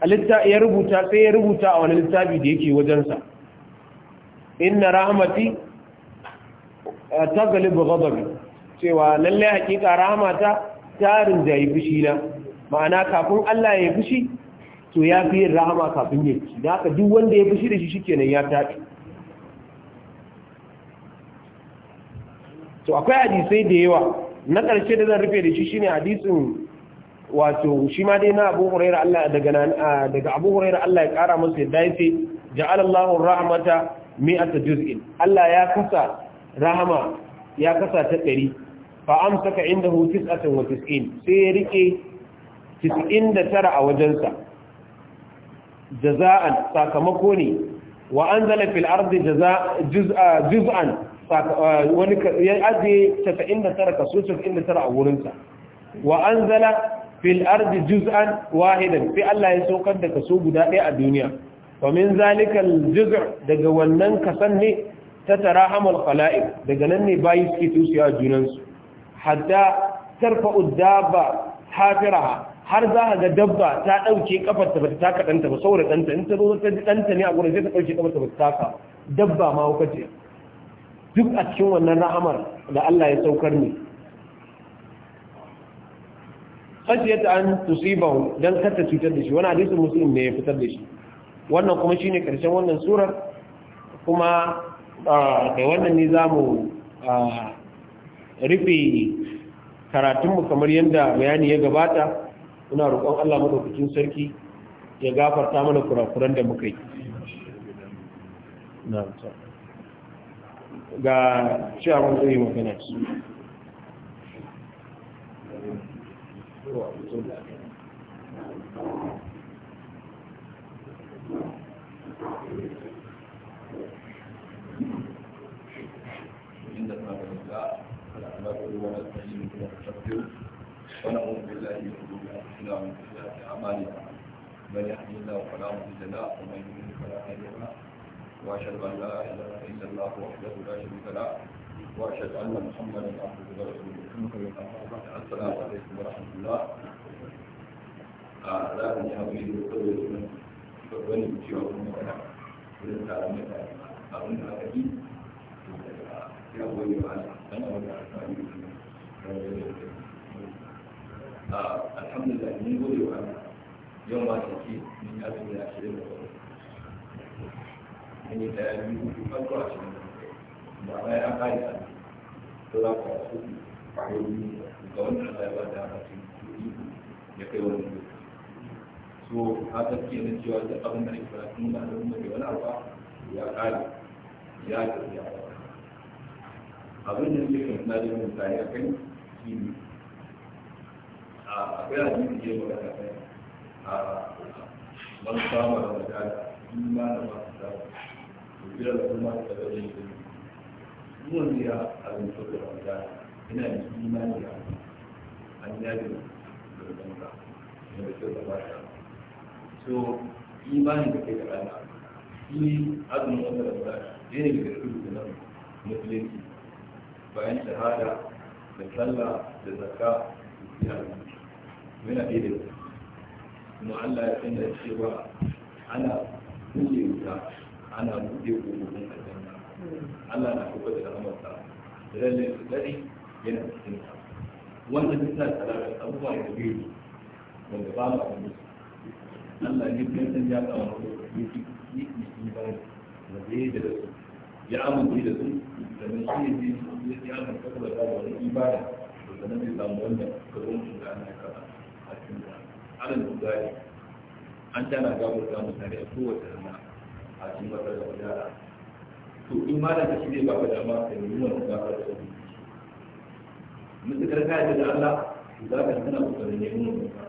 halitta ya rubuta sai ya rubuta a wani littafi da yake wajen sa inna rahmati eh, taghlibu ghadabi cewa lalle hakika rahmata ta, da yi fushi na ma'ana kafin Allah ya fushi to ya fi yin rahama kafin ya ci da haka duk wanda ya fushi da shi shikenan ya tafi to akwai hadisai da yawa na ƙarshe da zan rufe da shi shine hadisin wato shi ma dai na Abu Hurairah Allah daga daga Abu Hurairah Allah ya ƙara masa yadda yace ja'ala Allahu rahmata mi'ata juz'in Allah ya kasa rahama ya kasa ta 100 fa amsaka indahu 99 sai ya rike 99 a wajensa jaza'an sakamako ne wa anzala fil ardi juz'an Uh, wani ya aje 99 kaso 99 a wurinsa wa anzala fil ardi juz'an wahidan sai Allah ya saukar da kaso guda ɗaya a duniya wa min zalika al daga wannan kasan ne ta tarahamul Fala'i daga nan ne bayi suke tusiya junansu hatta tarfa'u dabba hafiraha har za ka ga dabba ta ɗauke kafar ta bata taka ba saboda ɗanta in ta zo ta ji ɗanta ne a gurin zai ta ɗauke kafar ta bata taka dabba ma hukace duk a cikin wannan rahamar da Allah ya saukar ne ta an tusiba dan ta cutar da shi wani hadisi muslim ne ya fitar da shi wannan kuma shine karshen wannan surar kuma da wannan ne zamu rufe mu kamar yadda bayani ya gabata ina roƙon Allah madaukakin sarki ya gafarta mana kurakuran da muka yi na'am ga ciyawan zai magana su ونعوذ بالله من شرور انفسنا ومن سيئات اعمالنا من يهده الله فلا مضل له ومن يضلل فلا هادي له وأشهد أن لا إله إلا الله وحده لا شريك له وأشهد أن محمدا عبده ورسوله السلام عليكم ورحمة الله لا نحمد كل من فبني من مكة ولن تعلم أظن أكيد يا أبوي وأنا الحمد لله من ولي وأنا يوم ما تكي من أبي عشرين وخمسة an yi ɗaya biyu uku har zuwa cikin da bayan an ƙari sa to za ka su ƙwayoyi ga wannan Allah ya ba da haka ya kai wani lokaci so ka tafiye na cewa duk abin da ake fara tun da al'umma bai wani abu ya ƙari ya tafi ya ƙara abin da suke kan tsarin mutane a kai shi ne a kai hadisi ke magana kai a ban samu da magana in da ba إلى العلماء التابعين مولي أبو بكر رمضان هنا الإيمان أن يجب بالجمرة من بكر رمضان so imani da kai da rana shi azumin wata ramadan ɗaya ne daga cikin rukunan musulunci bayan shahada da sallah da zakka da yana ɗaya da kuma Allah ya sanya cewa ana kulle wuta ana buɗe ƙofofin aljanna Allah na kuka da rahamarsa da lalle su dare yana cikin ta wanda duk na tsara abubuwa da biyu wanda ba ma da Allah ne bai san ya kawo mutum yi yi ba da zai da su ya amince da su sannan shi ne zai ya amince da da wani ibada to sannan zai samu wannan gaban shi da ana kaza a cikin ta alal misali an tana gabar da mutane a kowace rana a cikin bakar da wani yara to in ma da kashi zai baka dama ka nemi wannan gafar da wani mutukar kayan da Allah za ka tana kokarin neman wannan gafar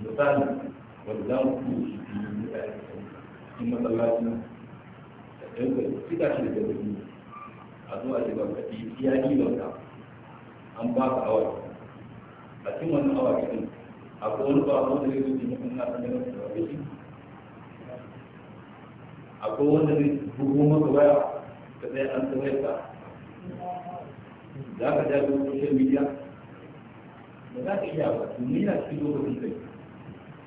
da wani misali wanda za mu kuma shi fi mutane cikin masallacin da ɗan cika shi da gabaki a zuwa ce ba ka iya ɗiban an ba ka awa a cikin wannan awa ɗin akwai wani ba a wani da ya zuci mutum na ɗan ganin akwai wanda zai bugu maka waya ka sai an ka za ka ja social media ba za ka iya ba domin yana cikin lokacin kai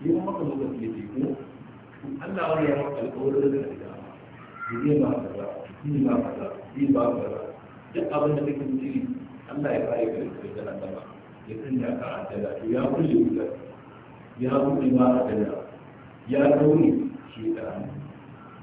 yi wa maka lokacin da ke oh, Allah wani ya maka alƙawarin da ka dama zai ma ka ba zai ma ka ba zai ba ka ba duk abin da kake ciki Allah ya kare ka daga jahannama dama ya sanya ka a jada to ya kulle wutar ya kulle ma a jada ya daure shi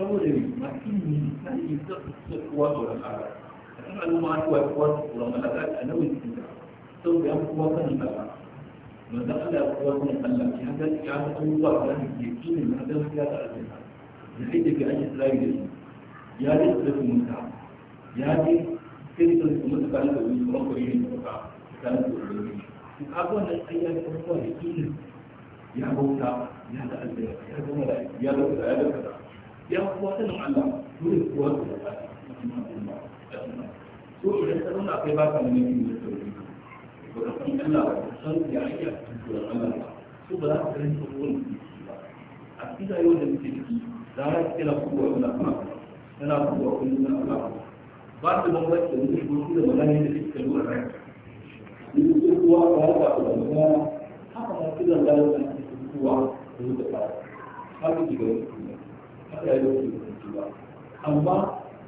saboda ne na yi ta kuwa tsoron Allah a kan al'umma ta kuwa kuwa tsoron Allah a nauyin cikin ta saboda ya kuwa sanin Allah manzan Allah ya kuwa sanin Allah ya ga ya ga abubuwa da ne ke kinin na ga ya ga da kai da ke ake tsari da su ya ji da su mutu ya ji sai da su mutu kan da wani tsoron kuri ne da ka kan da wani su ka ga wannan ayyuka da abubuwa da kinin ya bauta ya ga ya ga mara, ya ga ya ga ya kuwa sanin Allah dole kuwa su da so idan ka zauna kai ba ka nemi yin da sauri ba ka san Allah ba ka san ya ake a Allah ba so ba za ka ganin tsoron ba a cikin rayuwar da muke ciki za ka kira kuwa wani Allah tana kuwa wani Allah ba su bambanci da gudu da magana da suke lura rai in su kuwa ba ya ba da magana haka ma kiran da ya kuwa da wuta ba haka ki gani ya yi wani kwanci ba amma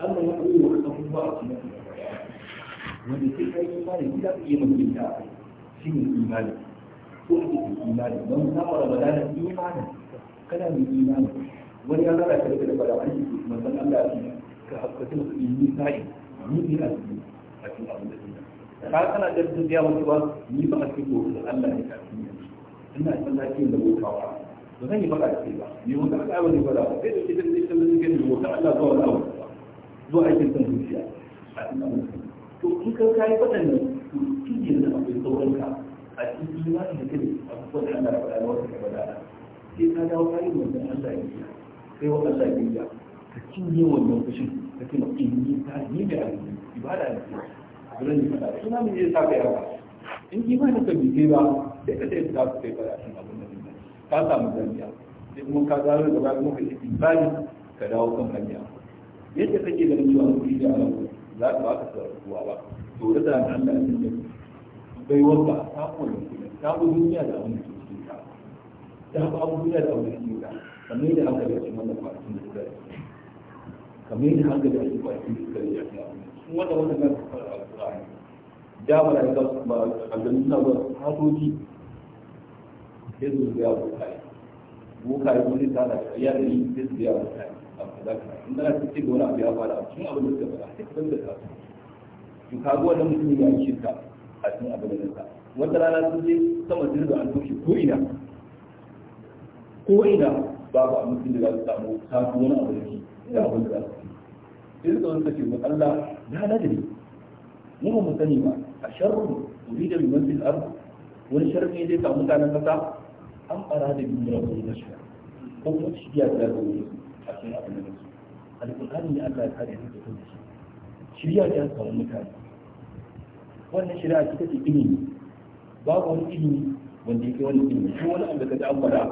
Allah ya koyi wani abubuwa a cikin wanda sai kai imani gida ka iya mutum da shi ne imani ko ake da imani don samun ramadanin imani kana mai imani wani ya zara ka daga da fara wani shi kuma san Allah ya ka hakkata musu ilmi sa'i ni ina a cikin abin da ina ka kana da tafiya wani ba ni ba a cikin gobe Allah ya ka ina san lafiyar da gokawa ba zan yi baka da ba ne wanda aka abin ba da sai da ke da zai kallon zai da wata Allah zuwa wani abu zuwa aikin san zuciya to in ka kai waɗannan to shi ne da akwai sauranka a cikin imani da kai abubuwan da Allah ya faɗa wata ka faɗa sai ka dawo kai da Allah ya biya kai wa Allah ya yi ka cinye wannan fushin ka ce in yi ta ni da abin ibada ne gurin da faɗa suna mun yi sa ka yawa in imanin ka bi kai ba sai ka sai ka ta kai faɗa ka samu gaskiya sai kuma ka zaro gaba kuma ka yi tsari ka dawo kan hanya yadda kake ganin cewa kuɗi da alaƙa za ka ba ka sarrafuwa ba to da da Allah ya sanya bai wanda ta kula kuɗi ta bu duniya da abin da ke cikin ta ta bu abu duniya da abin da ke cikin ta kamar yadda haka da cikin wannan kwanakin da suka yi kamar yadda haka da cikin kwanakin da suka yi a cikin abin wanda wanda na fara alƙur'ani da ba da ga ba a ganin suna ba hasoji sai su biya bukari bukari wani ta da ya da yi sai su biya bukari a kazaka in da ta ce ga wani abu ya fara a cikin abin da suka fara sai su da ta su to kaga wannan mutum ya yi shirka a cikin abin da ta wata rana sun je sama sun da an toshe ko ina ko ina babu a mutum da za su samu tafi wani abu da shi da abin da za su sai suka wani sace mu Allah na nadiri mu ba mu sani ba a sharru mu bi da mu mafi wani sharri ne zai samu mutanen kasa fara hada biyu da rabu da shiga ko kuma shi biya da rabu a cikin abin da su alƙur'ani ne Allah ya kare ni da kuma shi shirya ta samu mutane wannan shirya ita ce ilimi babu wani ilimi wanda yake wani ilimi shi wani abu da kaji an fara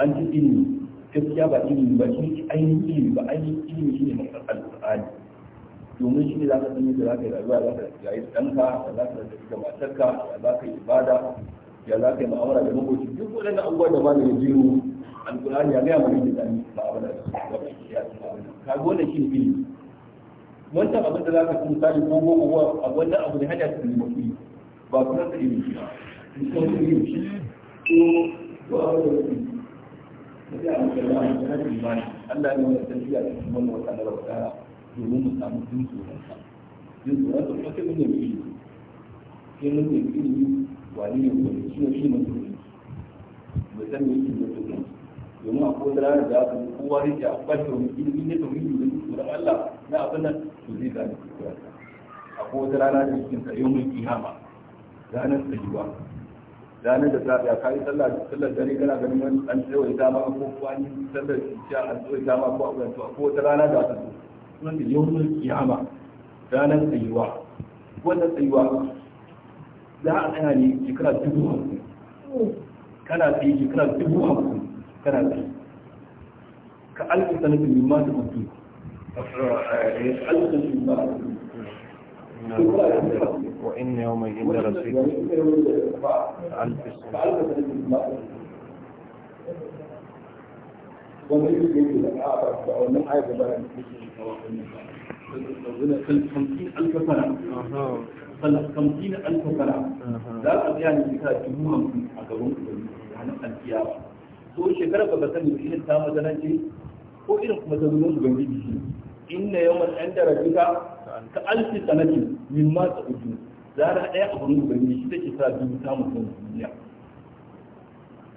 an ji ilimi gaskiya ba ilimi ba shi ainihin ilimi ba ainihin ilimi shi ne mai alƙur'ani domin shi ne za ka san yadda za ka yi rayuwa za ka yi ɗanka da za ka yi da matarka da za ka yi ibada ya za ka yi ma'amala da magoci duk waɗannan abubuwa da ba da ya jiro alƙur'ani ya gaya mana da zani ma'amala da su ka ga wannan shine ilimi wannan abin da za ka kuma sani ko ko a wannan abu ne hada su ne ba kuma da ilimi ba ko ilimi shi ko ba da ilimi Allah ne wanda tafiya da kuma wannan wata da wata domin mu samu jin tsoron jin tsoron sa kuma sai mun yi ilimi sai mun yi ilimi wani ne kuma shi ne shi mutum bai san me yake mutum ne domin a kowace ranar da aka yi. kowa ne ya ba shi wani ilimi ne domin ilimin da Allah na abin nan to zai gane a kowace rana da cikin sa yau mai kiyama ranar tsayuwa ranar da za a kai sallah sallar dare kana ganin wani an tsawai ta maka ko kwani sallar isha an tsawai ta maka ko abin to a kowace rana da aka yi. sunan da yau mai kiyama ranar tsayuwa wannan tsayuwa za a tsaya ne shekara dubu hamsin kana tsaye shekara dubu hamsin kana tsaye ka alƙi sanatun yi masu mutu وإن يوم عند رسول ألف سنة ومن يجد الآخر فأولم عيب بها ربنا خلف خمسين ألف سنة kamfina an tokara za a biya ne ta dubu hamsin a gaban kudu a nan alkiya ba so shekarar ba ka sani irin ta madana ce ko irin kuma ta zuwa ubangiji shi inna yawan an da rabika ka alfi sanati min ma ta za zara ɗaya a wurin ubangiji shi ke sa dubu ta mutum duniya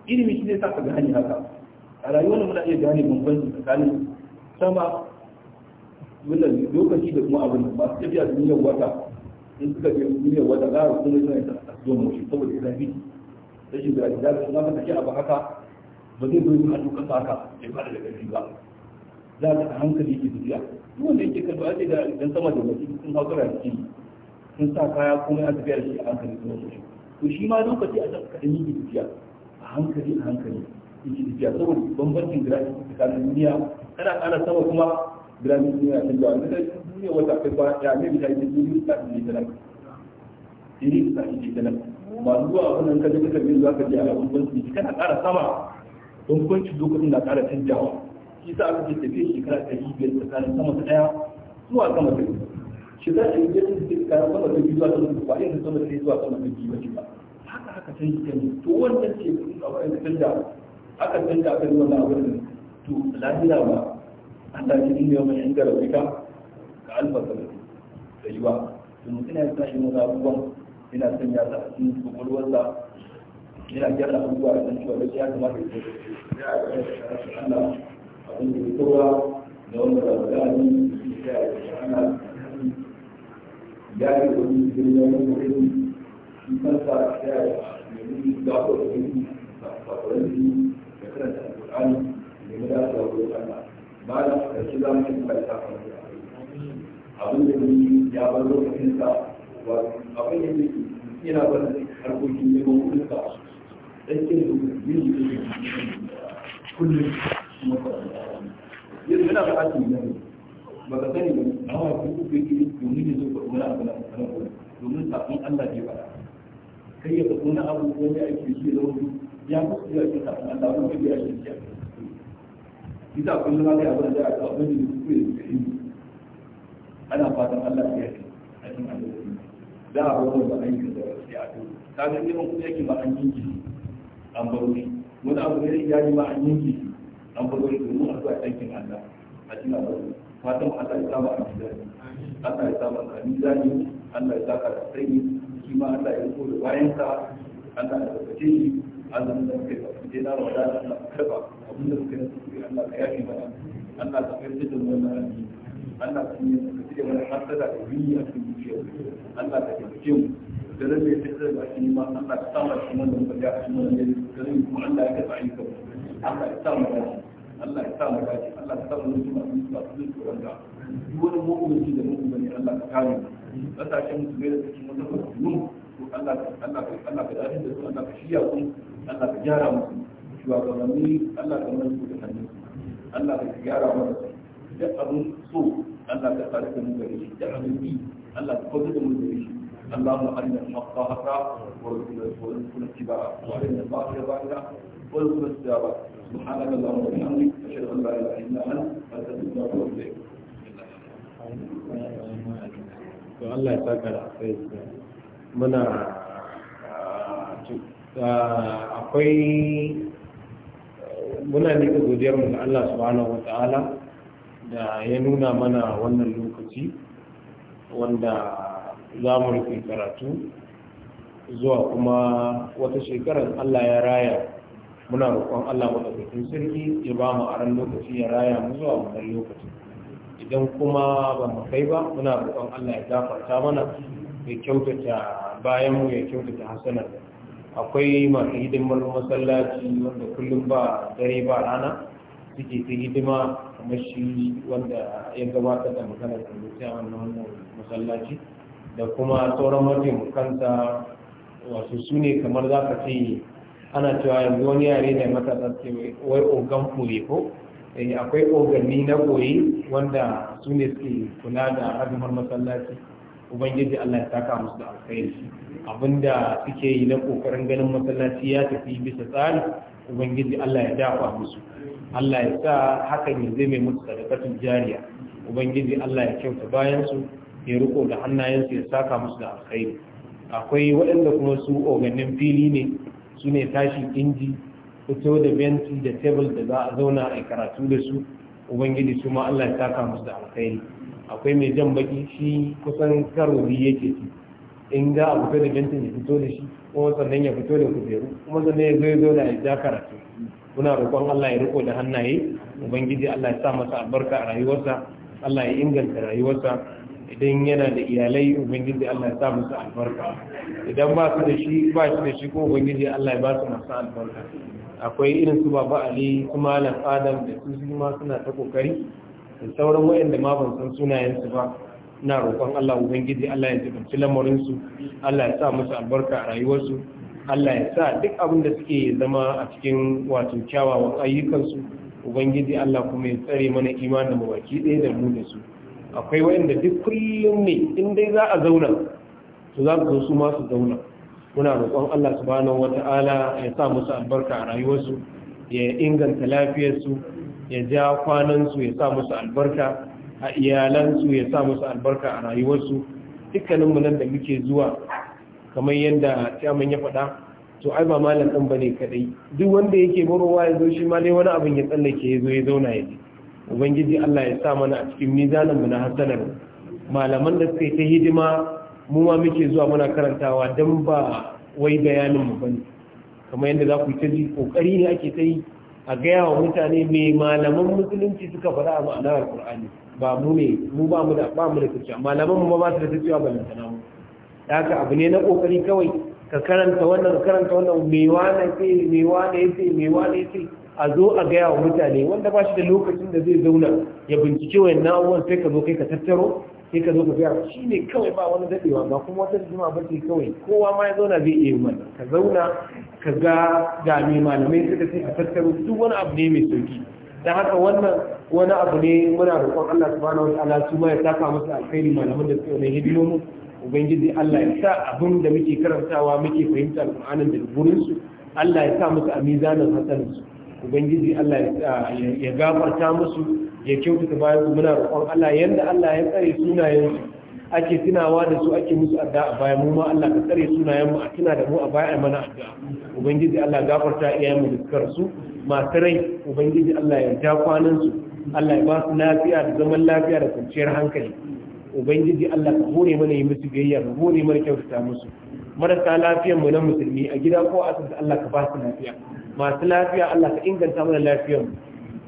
ilimi shi ne sa ka gane haka a rayuwar muna iya gane bambanci tsakanin sama wannan lokaci da kuma abin ba su tafiya duniyar wata in suka je duniya wata za ƙara kuma suna yin zo mu shi saboda ina bi rashin da da su maka take abu haka ba zai zo yi hannu ka haka. ya ba da ƙarfi ba za ka a hankali ke tafiya duk wanda yake karɓa ake da idan sama da wasu sun hau kara da sun sa kaya kuma ya tafiya da shi a hankali kuma su to shi ma lokaci a kan kaɗan yake tafiya a hankali a hankali yake tafiya saboda bambancin girafi tsakanin duniya kana ƙara sama kuma girafi duniya sun da wani ne wata kai ba ya ne bisa ji dubu da ji da ji da ji da ba zuwa wannan kaje kaje bin za ji a hukunci kana ƙara sama hukunci lokacin da ƙara canjawa shi sa aka ce tafiye shekara ta yi biyar tsakanin sama ta ɗaya zuwa sama ta biyu yi biyar ta ce sama ta biyu zuwa sama ta ba sama ta yi zuwa sama ta biyu ba haka haka canji canji to wannan ce kun ga wani canja aka canja aka yi wannan abin to lahira ba Allah ya yi mai yan garabika da da yiwa domin ina yin wani abubuwan ina son ya sa a cikin kwakwalwarsa ina gyara abubuwa da cewa da ya kamata ya zai ya ya da ya da da ya shi ya wani wani ya ban lokacin sa abin da yake yana ban harkokin neman kudin sa dan kin da yin da kullum kuma ba yanzu yana da aiki ne ba ka sani ba amma ku ku yi domin ya zo ka wani abu na sanar domin sakon Allah ke fara kai ya faɗi wani abu wani aiki shi da wani ya fi ya fi sakon Allah wani bai ya shi ya kullum ma kai abin da ya abin da ku ku yi ana fatan Allah ya fi cikin al'umma za a wani ba an yi da wasu a ta ga neman kuɗi yake ba an yanke shi an baro shi wani abu ne ya yi ba an yi shi an baro shi domin a zuwa aikin Allah a cikin al'umma fatan Allah ya saba a cikin Allah ya saba a mizani Allah ya saka da sanyi shi ma Allah ya so da bayan sa Allah ya tabbace shi azumin da kai ba je na rawada Allah ka karba abin da suka yi Allah ya yafe mana Allah ka karbi da wannan Allah ka yi ka cire mana hasada da wuni a cikin zuciya Allah ka taimake mu da rabe ta da ake nema Allah ka samu cikin wannan da ya cikin wannan da rabe kuma Allah ya ka ayyuka Allah ya samu dace Allah ya samu dace Allah ya samu mutum a cikin masu zuciya wanda duk wani mu'minci da mu'mini Allah ka kare kasashen musulmai da cikin wannan musulmi ko Allah Allah Allah ka dace da su Allah ka shiya su Allah ka gyara musu shugabanni Allah ka mana da hannu Allah ka gyara mana da abin so Allah ka tsare da mu gare shi da abin yi Allah ka kwazo da mu gare shi اللهم أرنا الحق حقا وارزقنا اتباعه da الباطل باطلا وارزقنا اجتنابه سبحانك اللهم وبحمدك أشهد أن لا إله إلا أنت أستغفرك وأتوب إليك to Allah ya saka da ah, akwai muna akwai muna nika godiyar mu ga Allah subhanahu wa ta'ala da ya nuna mana wannan lokaci wanda za mu rufe karatu zuwa kuma wata shekarar Allah ya raya muna roƙon Allah maɗaukakin sarki ya ba mu aran lokaci ya raya mu zuwa wannan lokaci idan kuma ba mu kai ba muna roƙon Allah ya gafarta mana ya kyautata bayan mu ya kyautata hasanar akwai masu hidimar masallaci wanda kullum ba dare ba rana suke ta hidima kamar shi wanda ya gabata da maganar kwamfuta wannan wannan masallaci da kuma sauran mataimakansa wasu su ne kamar za ka ce ana cewa yanzu wani yare da matasa ce wai ogan koyi ko eh, akwai ogani na koyi wanda su ne suke kula da azumar masallaci ubangiji allah ya taka musu da alkhairi abinda suke yi na kokarin ganin masallaci ya tafi bisa tsari ubangiji Allah ya dafa musu Allah ya sa hakan ya mai musu sadakatun jariya ubangiji Allah ya kyauta bayan su ya riko da hannayensu ya saka musu da alkhairi akwai waɗanda kuma su ogannin fili ne su ne tashi inji fito da benti da tebul da za a zauna a karatu da su ubangiji su ma Allah ya saka musu da alkhairi akwai mai jan baki shi kusan karo yake ci in ga abu da bentin ya fito da shi kuma sannan ya fito da kujeru kuma sannan ya zo ya ya ja karatu muna roƙon Allah ya riko da hannaye ubangiji Allah ya sa masa albarka a rayuwarsa Allah ya inganta rayuwarsa idan yana da iyalai ubangiji Allah ya sa masa albarka idan ba su da shi ba shi da shi ko ubangiji Allah ya ba su masa albarka akwai irin su baba Ali su malam Adam da su ma suna ta kokari da sauran waɗanda ma ban san sunayensu ba na roƙon Allah ubangiji Allah ya jibanci lamarin Allah ya sa musu albarka a rayuwarsu Allah ya sa duk abin da suke zama a cikin wato kyawawan ayyukansu ubangiji Allah kuma ya tsare mana imanin mu baki ɗaya da mu da su akwai wayanda duk kullum ne in dai za a zauna to za ku su ma su zauna muna roƙon Allah subhanahu wata'ala ya sa musu albarka a rayuwarsu ya inganta lafiyarsu ya ja kwanansu ya sa musu albarka a iyalansu ya sa musu albarka a rayuwarsu mu nan da muke zuwa kamar yadda chairman ya faɗa to ai ba malam din bane ne kaɗai duk wanda yake barowa ya zo shi ma dai wani abin ya tsallake ya zo ya zauna ya ji ubangiji allah ya sa mana a cikin mu na hassanar malaman da suke ta hidima mu ma muke zuwa muna karantawa dan ba wai bayanin mu bane kamar yadda za ku ta ji ƙoƙari ne ake ta yi a gaya wa mutane mai malaman musulunci suka faɗa a ma'anar alƙur'ani ba mu ne mu ba mu da ba mu da kirkiya malaman mu ba su da tafiya ba lantana mu da haka abu ne na ƙoƙari kawai ka karanta wannan ka karanta wannan mai wane ce mai wane ce mai wane ce a zo a gaya wa mutane wanda ba shi da lokacin da zai zauna ya bincike wayannan abubuwan sai ka zo kai ka tattaro sai ka zo ka biya shi ne kawai ba wani daɗewa ba kuma wata jima ba ce kawai kowa ma ya zauna zai iya mana ka zauna ka ga ga malamai suka sai ka tattaro duk wani abu ne mai sauki don haka wannan wani abu ne muna roƙon Allah subhanahu wataala su ma ya saka musu alkhairi malaman da suke ne hidimomu ubangiji Allah ya sa abin da muke karantawa muke fahimta alƙur'anin da gurin su Allah ya sa musu a mizanin hasanin su ubangiji Allah ya gafarta musu ya kyautata bayan su muna roƙon Allah yanda Allah ya tsare sunayen su ake tunawa da su ake musu addu'a bayan mu ma Allah ka tsare sunayen mu a tuna da mu a bayan mana addu'a ubangiji Allah gafarta iyayen mu dukkan su masu rai ubangiji Allah ya ja kwanan su Allah ya ba su lafiya da zaman lafiya da kwanciyar hankali ubangiji Allah ka hore mana yi musu biyayya ka hore mana kyautata musu marasa lafiyan mu na musulmi a gida ko asibiti Allah ka ba su lafiya masu lafiya Allah ka inganta mana lafiyan. mu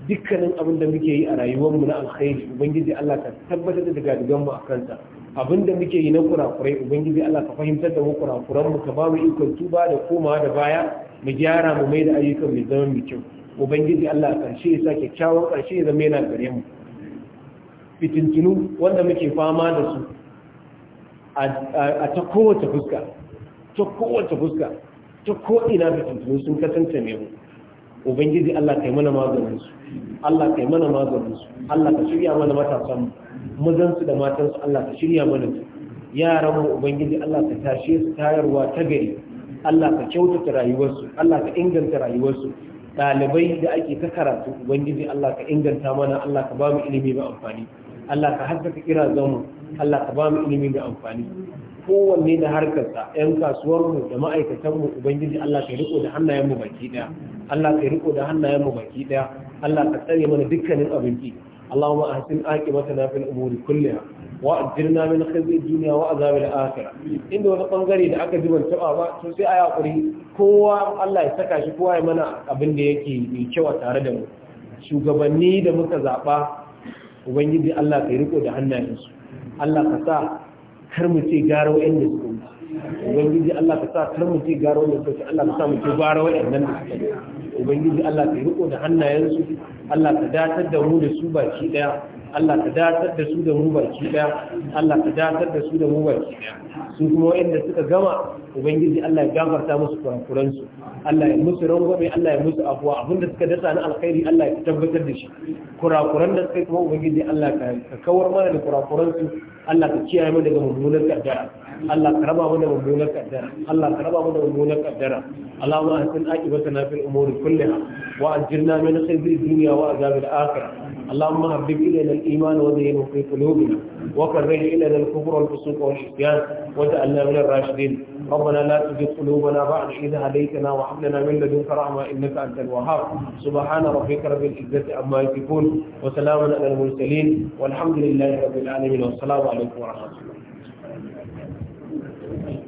dukkanin abin da muke yi a rayuwarmu na alkhairi ubangiji Allah ka tabbatar da daga mu a ta, abin da muke yi na kurakurai ubangiji Allah ka fahimtar da mu kurakuran mu ka ba mu ikon tuba da komawa da baya mu gyara mu mai da ayyukan mu zama mu kyau ubangiji Allah ka shi ya sa kyawun karshe ya zama yana gare mu fitintinu wanda muke fama da su a ta kowace fuska ta kowace fuska ta ko ina fitintinu sun kasance ne mu ubangiji Allah kai mana maganin su Allah kai mana maganin su Allah ka shirya mana matasan mu da matan su Allah ka shirya mana su yaran mu ubangiji Allah ka tashe su tayarwa ta gari Allah ka kyautata rayuwar su Allah ka inganta rayuwarsu. su dalibai da ake ta karatu ubangiji Allah ka inganta mana Allah ka ba mu ilimi mai amfani Allah ka haskaka kirazanmu. mu Allah ka ba mu ilimi mai amfani kowanne da harkarsa ‘yan kasuwarmu da ma’aikatanmu Ubangiji Allah ka riko da mu baki ɗaya, Allah ka riko da mu baki ɗaya, Allah ka tsare mana dukkanin abinci, Allah ma a hasin ake mata na fi umuri kulliya, wa a jirna min duniya wa a zabi da akira. Inda wani ɓangare da aka ji ban taɓa ba, sosai sai a yaƙuri kowa Allah ya saka shi kowa ya mana abin da yake mai kyau tare da mu. Shugabanni da muka zaɓa, Ubangiji Allah ka riko da su. Allah ka sa kar mu ce gara wa'anda suka wuce ubangiji Allah ka sa kar mu ce gara wa'anda Allah ka sa mu ce gara wa'annan da ubangiji Allah ka riko da hannayensu Allah ka datar da mu da su baki daya Allah ka datar da su da mu baki daya Allah ka datar da su da mu baki daya su kuma wanda suka gama ubangiji Allah ya gafarta musu kurakuran su Allah ya musu rangwame Allah ya musu afuwa abinda suka dasa na alkhairi Allah ya tabbatar da shi kurakuran da suka kuma ubangiji Allah ka kawar mana da kurakuran su Allah ka kiyaye mu daga mummunar kaddara Allah ka raba mu da mummunar kaddara Allah ka raba mu da mummunar kaddara Allahumma ahsin aqibatana fil umuri kulliha wa ajirna min khizyi dunya wa azab al-akhirah اللهم حبب إلينا الإيمان وزينه في قلوبنا وكره إلينا الكفر والفسوق والعصيان وجعلنا من الراشدين ربنا لا تزغ قلوبنا بعد إذ هديتنا وهب لنا من لدنك رحمة إنك أنت الوهاب سبحان ربك رب العزة عما يصفون وسلام على المرسلين والحمد لله رب العالمين والسلام عليكم ورحمة الله